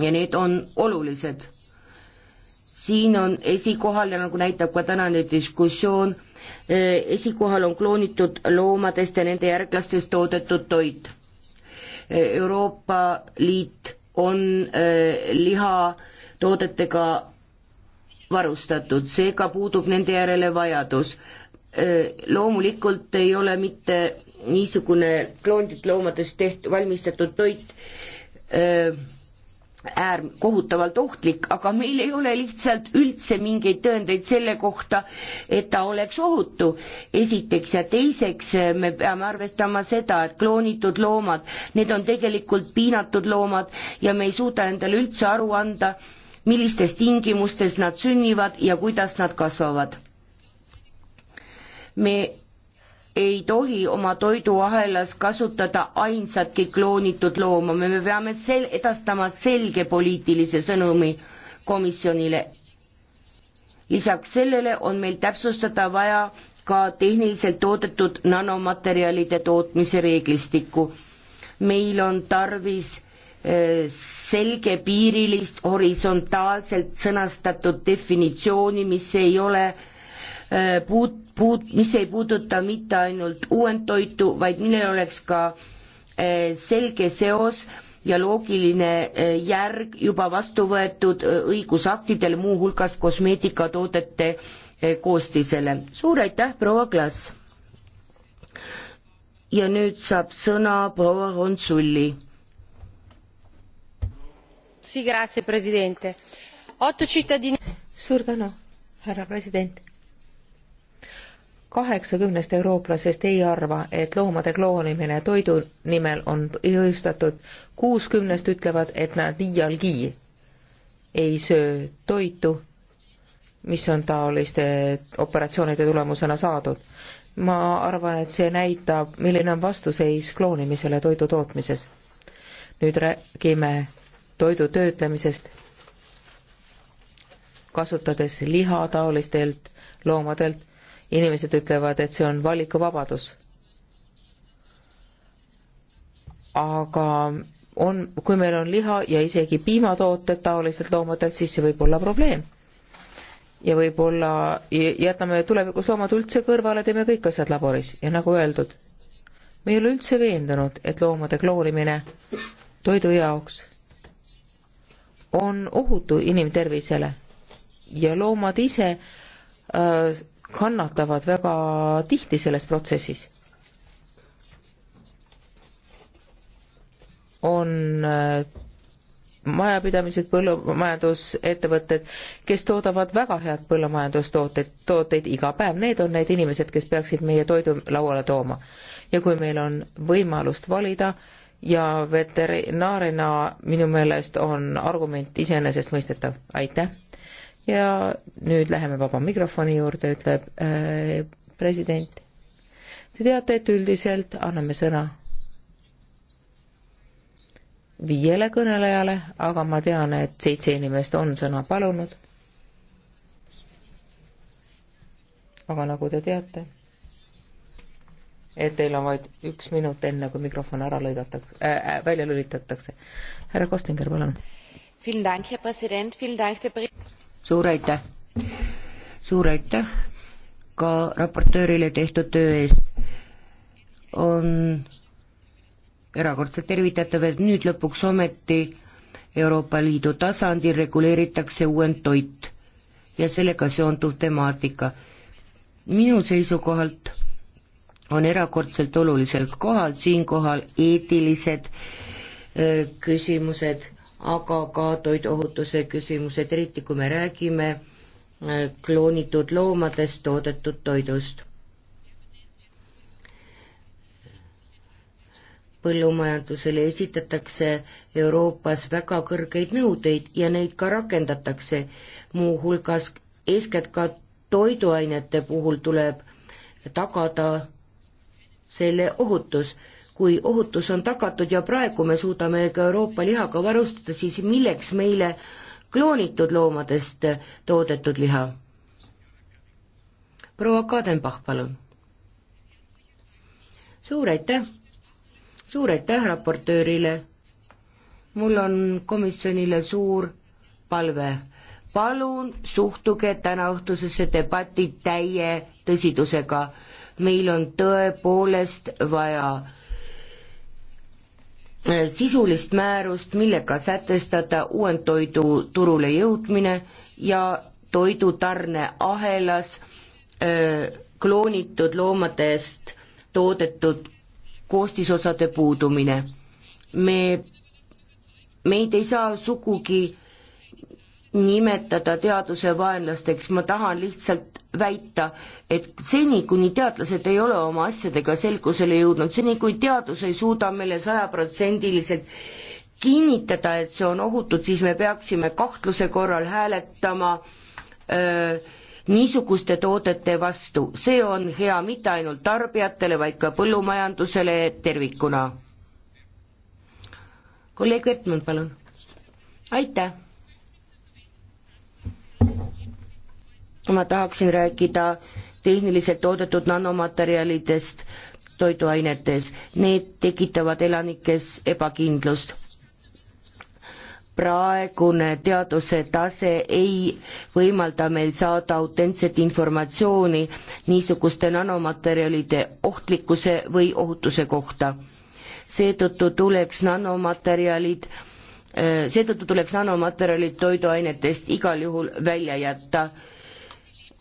ja need on olulised siin on esikohal ja nagu näitab ka tänane diskussioon, eh, esikohal on kloonitud loomadest ja nende järglastest toodetud toit. Eh, Euroopa Liit on eh, lihatoodetega varustatud, seega puudub nende järele vajadus. loomulikult ei ole mitte niisugune kloonitud loomadest teht-, valmistatud toit öö, äärm-, kohutavalt ohtlik, aga meil ei ole lihtsalt üldse mingeid tõendeid selle kohta, et ta oleks ohutu. esiteks ja teiseks eh, me peame arvestama seda, et kloonitud loomad, need on tegelikult piinatud loomad ja me ei suuda endale üldse aru anda, millistes tingimustes nad sünnivad ja kuidas nad kasvavad. me ei tohi oma toiduahelas kasutada ainsatki kloonitud looma, me peame sel-, edastama selge poliitilise sõnumi komisjonile. lisaks sellele on meil täpsustada vaja ka tehniliselt toodetud nanomaterjalide tootmise reeglistikku. meil on tarvis äh, selgepiirilist horisontaalselt sõnastatud definitsiooni, mis ei ole Äh, puut-, puut-, mis ei puuduta mitte ainult uuendtoitu, vaid millel oleks ka äh, selge seos ja loogiline äh, järg juba vastu võetud õigusaktidel, muuhulgas kosmeetikatoodete koostisele. suur aitäh, proua Klas! ja nüüd saab sõna proua Ronsulli. suur tänu, härra president! kaheksakümnest eurooplasest ei arva, et loomade kloonimine toidu nimel on õigustatud, kuuskümnest ütlevad, et nad iialgi ei söö toitu, mis on taoliste operatsioonide tulemusena saadud. ma arvan, et see näitab, milline on vastuseis kloonimisele toidu tootmises. nüüd räägime toidu töötlemisest, kasutades lihataolistelt loomadelt inimesed ütlevad, et see on valikuvabadus. aga on, kui meil on liha ja isegi piimatooted taolistelt loomadelt, siis see võib olla probleem. ja võib-olla jätame tulevikus loomad üldse kõrvale, teeme kõik asjad laboris ja nagu öeldud, me ei ole üldse veendunud, et loomade kloonimine toidu jaoks on ohutu inimtervisele ja loomad ise äh, kannatavad väga tihti selles protsessis. on äh, majapidamised, põllumajandusettevõtted, kes toodavad väga head põllumajandustooteid, tooteid iga päev, need on need inimesed, kes peaksid meie toidu lauale tooma. ja kui meil on võimalust valida ja veterinaarina minu meelest on argument iseenesestmõistetav, aitäh! ja nüüd läheme vaba mikrofoni juurde, ütleb äh, president. Te teate, et üldiselt anname sõna viiele kõnelejale, aga ma tean, et seitse inimest on sõna palunud. aga nagu te teate, et teil on vaid üks minut, enne kui mikrofon ära lõigatakse äh,, äh välja lülitatakse. härra Kostinger, palun suur aitäh! suur aitäh ka raportöörile tehtud töö eest. on erakordselt tervitatav, et nüüd lõpuks ometi Euroopa Liidu tasandil reguleeritakse uuend toit ja sellega seonduv temaatika. minu seisukohalt on erakordselt olulisel kohal siinkohal eetilised öö, äh, küsimused aga ka toiduohutuse küsimused, eriti kui me räägime äh, kloonitud loomadest toodetud toidust. põllumajandusele esitatakse Euroopas väga kõrgeid nõudeid ja neid ka rakendatakse, muuhulgas eeskätt ka toiduainete puhul tuleb tagada selle ohutus kui ohutus on tagatud ja praegu me suudame ka Euroopa lihaga varustada, siis milleks meile kloonitud loomadest toodetud liha? proua Kadenbach, palun. suur aitäh, suur aitäh raportöörile. mul on komisjonile suur palve palun suhtuge tänaõhtusesse debatti täie tõsidusega. meil on tõepoolest vaja sisulist määrust, millega sätestada uuendtoidu turule jõudmine ja toidutarneahelas kloonitud loomadest toodetud koostisosade puudumine. me, meid ei saa sugugi nimetada teaduse vaenlasteks, ma tahan lihtsalt väita, et seni, kuni teadlased ei ole oma asjadega selgusele jõudnud, seni kui teadus ei suuda meile sajaprotsendiliselt kinnitada, et see on ohutud, siis me peaksime kahtluse korral hääletama öö, niisuguste toodete vastu. see on hea mitte ainult tarbijatele, vaid ka põllumajandusele tervikuna. kolleeg Vertmann, palun. aitäh ma tahaksin rääkida tehniliselt toodetud nanomaterjalidest toiduainetes, need tekitavad elanikes ebakindlust. praegune teaduse tase ei võimalda meil saada autentset informatsiooni niisuguste nanomaterjalide ohtlikkuse või ohutuse kohta. seetõttu tuleks nanomaterjalid seetõttu tuleks nanomaterjalid toiduainetest igal juhul välja jätta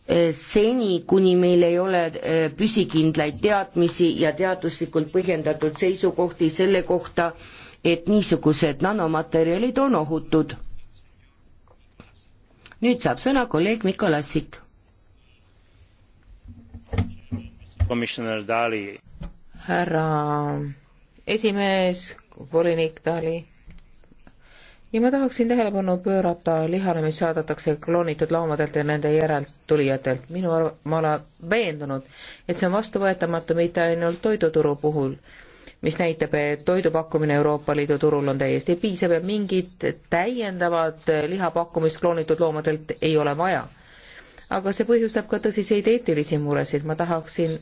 Eh, seni, kuni meil ei ole eh, püsikindlaid teadmisi ja teaduslikult põhjendatud seisukohti selle kohta, et niisugused nanomaterjalid on ohutud. nüüd saab sõna kolleeg Mikko Lassik. härra esimees, volinik Dali ja ma tahaksin tähelepanu pöörata lihale, mis saadetakse kloonitud loomadelt ja nende järeltulijatelt. minu arv-, ma olen veendunud, et see on vastuvõetamatu mitte ainult toiduturu puhul, mis näitab, et toidu pakkumine Euroopa Liidu turul on täiesti piisav ja mingit täiendavat lihapakkumist kloonitud loomadelt ei ole vaja. aga see põhjustab ka tõsiseid eetilisi muresid, ma tahaksin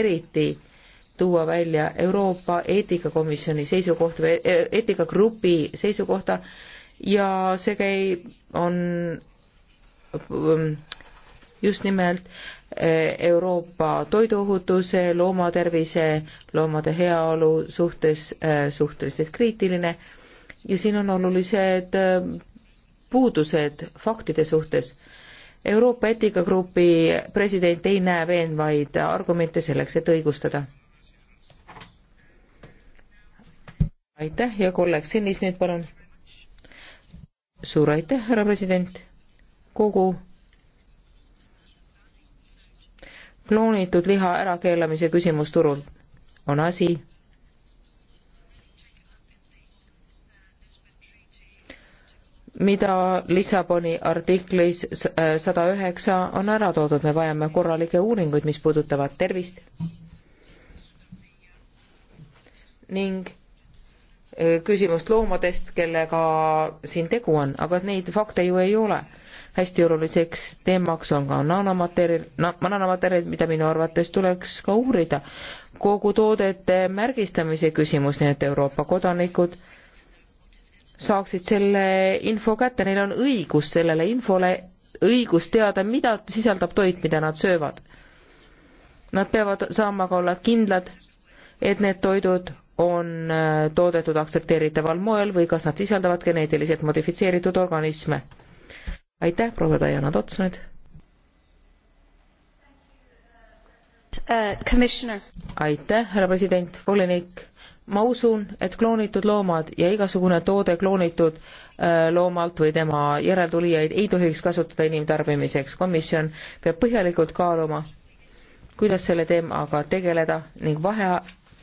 eriti äh, tuua välja Euroopa Eetikakomisjoni seisukoht või eh, eetikagrupi seisukohta ja see käib, on mm, just nimelt eh, Euroopa toiduohutuse, loomatervise, loomade heaolu suhtes eh, suhteliselt kriitiline ja siin on olulised puudused faktide suhtes. Euroopa eetikagrupi president ei näe veenvaid argumente selleks, et õigustada aitäh ja kolleeg Sinnis nüüd palun. suur aitäh, härra president. kogu kloonitud liha ärakeelamise küsimus turul on asi, mida Lissaboni artiklis äh, sada üheksa on ära toodud, me vajame korralikke uuringuid, mis puudutavad tervist ning küsimust loomadest, kellega siin tegu on, aga neid fakte ju ei ole. hästi oluliseks teemaks on ka nanomaterjal na,, nanomaterjalid, mida minu arvates tuleks ka uurida. kogu toodete märgistamise küsimus, nii et Euroopa kodanikud saaksid selle info kätte, neil on õigus sellele infole, õigus teada, mida sisaldab toit, mida nad söövad. Nad peavad saama ka olla kindlad, et need toidud on äh, toodetud aktsepteeritaval moel või kas nad sisaldavad geneetiliselt modifitseeritud organisme. aitäh, proua Diana Tots nüüd. Uh, aitäh, härra president, volinik. ma usun, et kloonitud loomad ja igasugune toode kloonitud äh, loomalt või tema järeltulijaid ei tohiks kasutada inimtarbimiseks. komisjon peab põhjalikult kaaluma, kuidas selle teemaga tegeleda ning vahe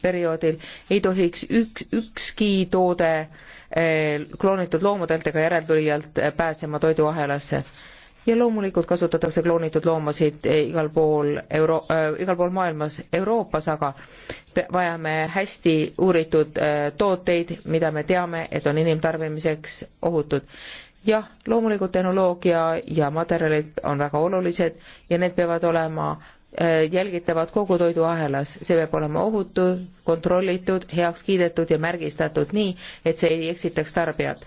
tootmisperioodil ei tohiks üks, ükski toode eh, kloonitud loomadelt ega järeltulijalt eh, pääsema toiduahelasse. ja loomulikult kasutatakse kloonitud loomasid eh, igal pool euro- äh,, igal pool maailmas, Euroopas aga vajame hästi uuritud äh, tooteid, mida me teame, et on inimtarbimiseks ohutud jah, loomulikult tehnoloogia ja materjalid on väga olulised ja need peavad olema Äh, jälgitavad kogu toiduahelas. see peab olema ohutu, kontrollitud, heaks kiidetud ja märgistatud nii, et see ei eksitaks tarbijat.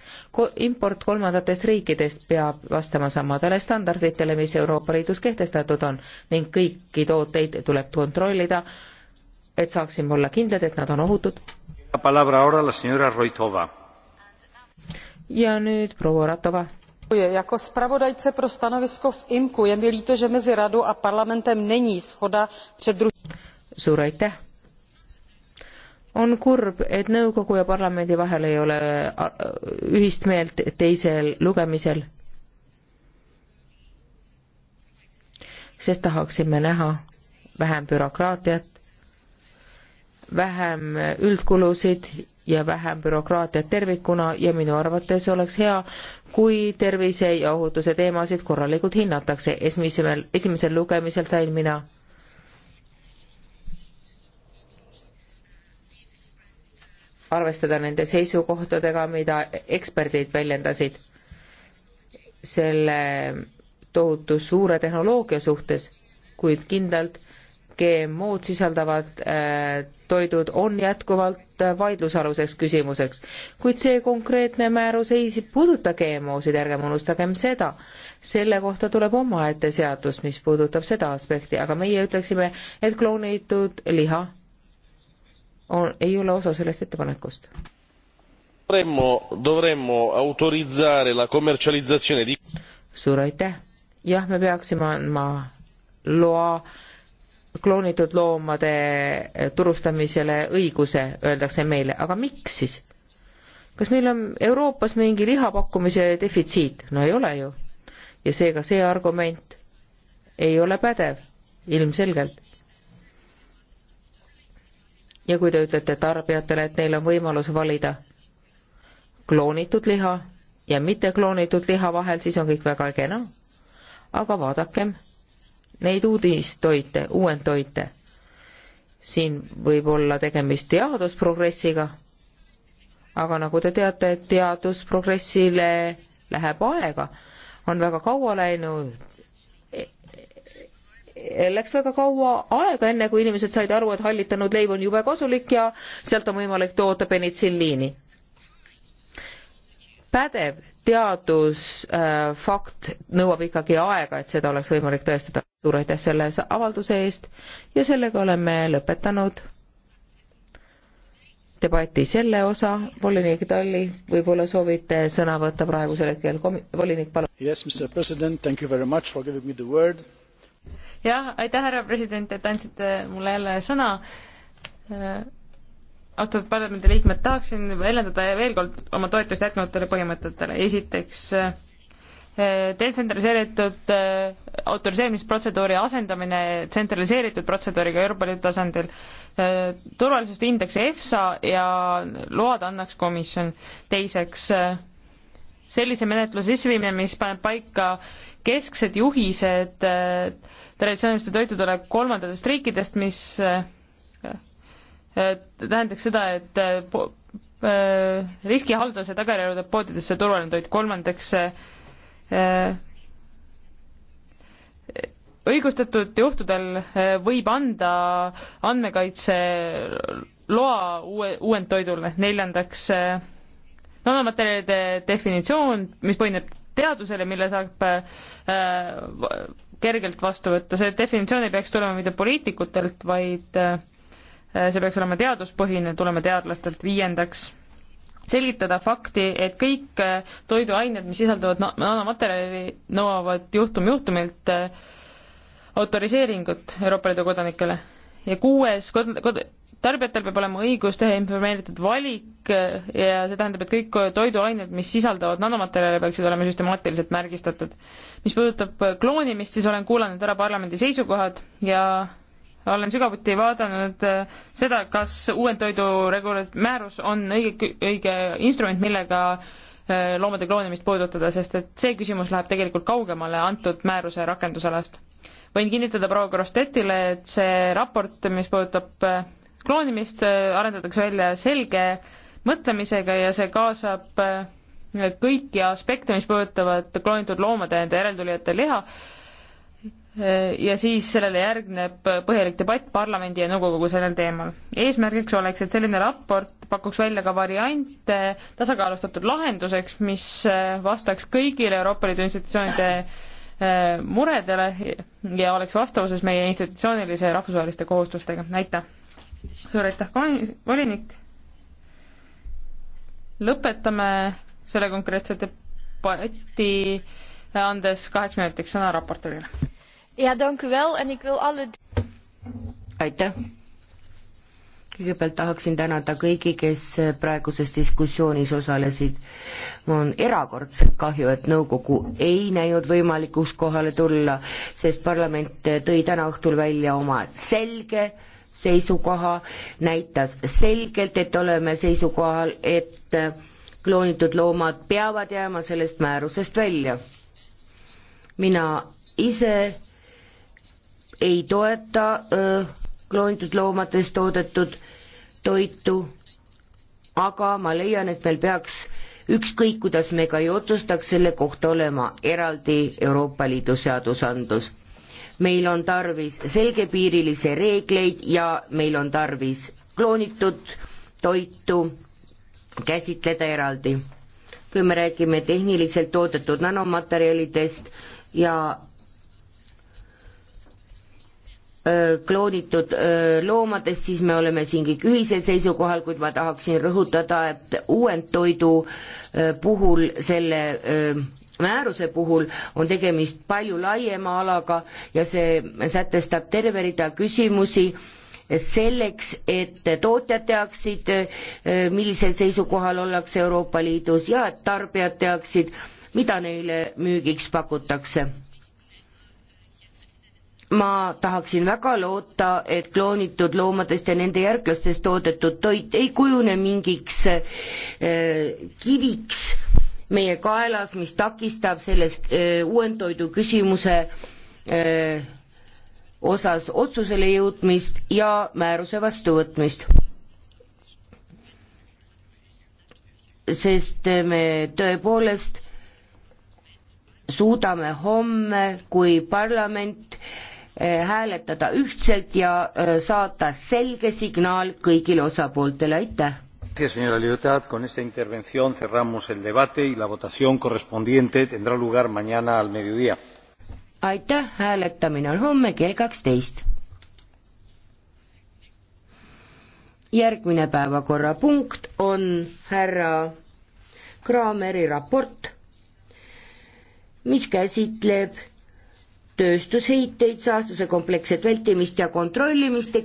import kolmandatest riikidest peab vastama samadele standarditele, mis Euroopa Liidus kehtestatud on ning kõiki tooteid tuleb kontrollida, et saaksime olla kindlad, et nad on ohutud. ja nüüd proua Ratova jako zpravodajce pro stanovisko v imco je mi líto že mezi radou a parlamentem není shoda před druhým on kurb, et nõukogu ja parlamendi vahel ei ole äh, ühist meelt teisel lugemisel, sest tahaksime näha vähem bürokraatiat, vähem üldkulusid ja vähem bürokraatiat tervikuna ja minu arvates oleks hea, kui tervise ja ohutuse teemasid korralikult hinnatakse. esimesel, esimesel lugemisel sain mina arvestada nende seisukohtadega, mida eksperdid väljendasid selle tohutu suure tehnoloogia suhtes, kuid kindlalt GMO-d sisaldavad äh, toidud on jätkuvalt äh, vaidlusaluseks küsimuseks, kuid see konkreetne määrus ei puuduta GMO-sid, ärgem unustagem seda. selle kohta tuleb omaette seadus, mis puudutab seda aspekti, aga meie ütleksime, et kloonitud liha on, ei ole osa sellest ettepanekust. Dovremmo, dovremmo autorizzare la commercializzazione di suur aitäh, jah, me peaksime andma loa kloonitud loomade turustamisele õiguse, öeldakse meile, aga miks siis? kas meil on Euroopas mingi lihapakkumise defitsiit? no ei ole ju. ja seega see argument ei ole pädev, ilmselgelt. ja kui te ütlete tarbijatele, et neil on võimalus valida kloonitud liha ja mitte kloonitud liha vahel, siis on kõik väga kena. aga vaadakem neid uudistoite, uuendtoite. siin võib olla tegemist teadusprogressiga, aga nagu te teate, et teadusprogressile läheb aega, on väga kaua läinud, e, e, läks väga kaua aega, enne kui inimesed said aru, et hallitanud leib on jube kasulik ja sealt on võimalik toota penitsilliini. pädev teadusfakt äh, nõuab ikkagi aega, et seda oleks võimalik tõestada. suur aitäh selle avalduse eest ja sellega oleme lõpetanud debati selle osa. volinik Talli, võib-olla soovite sõna võtta praegusel hetkel. volinik, palun. Yes, Mr President, thank you very much for giving me the word. jah, aitäh, härra president, et andsite mulle jälle sõna austatud parlamendiliikmed, tahaksin väljendada veel kord oma toetust järgnevatele põhimõtetele. esiteks, eh, detsentraliseeritud eh, autoriseerimisprotseduuri asendamine tsentraliseeritud protseduuriga Euroopa Liidu tasandil. Eh, turvalisust hindaks EFSA ja load annaks komisjon. teiseks, sellise menetluse sisseviimine, mis paneb paika kesksed juhised traditsiooniliste toitudele kolmandatest riikidest, mis Äh, tähendaks seda, et äh, äh, riskihalduse tagajärjel jõuab poodidesse turvaline toit, kolmandaks õigustatud juhtudel võib anda andmekaitse loa uue, uuendtoidule, neljandaks nanomaterjalide definitsioon, mis põhineb teadusele, mille saab äh, kergelt vastu võtta, see definitsioon ei peaks tulema mitte poliitikutelt, vaid äh, see peaks olema teaduspõhine, tuleme teadlastelt, viiendaks selgitada fakti, et kõik äh, toiduained, mis sisaldavad nanomaterjali, nõuavad juhtum juhtumilt äh, autoriseeringut Euroopa Liidu kodanikele. ja kuues kod-, kod-, tarbijatel peab olema õigus teha informeeritud valik äh, ja see tähendab, et kõik toiduained, mis sisaldavad nanomaterjale, peaksid olema süstemaatiliselt märgistatud. mis puudutab kloonimist, siis olen kuulanud ära parlamendi seisukohad ja olen sügavuti vaadanud äh, seda, kas uuendtoidu regula-, määrus on õige, õige instrument, millega äh, loomade kloonimist puudutada, sest et see küsimus läheb tegelikult kaugemale antud määruse rakendusalast. võin kinnitada proua Grostetile, et see raport, mis puudutab äh, kloonimist, arendatakse välja selge mõtlemisega ja see kaasab kõiki aspekte, mis puudutavad kloonitud loomade ja nende järeltulijate liha ja siis sellele järgneb põhjalik debatt parlamendi ja nõukogu sellel teemal. eesmärgiks oleks, et selline raport pakuks välja ka variante tasakaalustatud lahenduseks, mis vastaks kõigile Euroopa Liidu institutsioonide äh, muredele ja oleks vastavuses meie institutsioonilise ja rahvusvaheliste kohustustega. aitäh! suur aitäh, volinik! lõpetame selle konkreetse debati, andes kaheks minutiks sõna raportöörile ja dank u wel en ik wil alle. aitäh. kõigepealt tahaksin tänada kõigi, kes eh, praeguses diskussioonis osalesid. mul on erakordselt kahju, et nõukogu ei näinud võimalikuks kohale tulla, sest parlament eh, tõi täna õhtul välja oma selge seisukoha, näitas selgelt, et oleme seisukohal, et eh, kloonitud loomad peavad jääma sellest määrusest välja. mina ise ei toeta öö, kloonitud loomadest toodetud toitu, aga ma leian, et meil peaks ükskõik, kuidas me ka ei otsustaks, selle kohta olema eraldi Euroopa Liidu seadusandlus. meil on tarvis selgepiirilisi reegleid ja meil on tarvis kloonitud toitu käsitleda eraldi. kui me räägime tehniliselt toodetud nanomaterjalidest ja kloonitud loomadest, siis me oleme siin kõik ühisel seisukohal, kuid ma tahaksin rõhutada, et uuendtoidu puhul selle määruse puhul on tegemist palju laiema alaga ja see sätestab terve rida küsimusi selleks, et tootjad teaksid, millisel seisukohal ollakse Euroopa Liidus ja et tarbijad teaksid, mida neile müügiks pakutakse ma tahaksin väga loota, et kloonitud loomadest ja nende järglastest toodetud toit ei kujune mingiks äh, kiviks meie kaelas, mis takistab selles äh, uuendtoidu küsimuse äh, osas otsusele jõudmist ja määruse vastuvõtmist. sest me tõepoolest suudame homme, kui parlament äh, Eh, hääletada ühtselt ja eh, saata selge signaal kõigile osapooltele, aitäh! Gracias, señora Liotard. Con esta intervención cerramos el debate y la votación correspondiente tendrá lugar mañana al mediodía. Aitäh, hääletamine on homme kell kaksteist. järgmine päevakorrapunkt on härra Kraameri raport, mis käsitleb tööstusheiteid, saastuse kompleksset vältimist ja kontrollimist,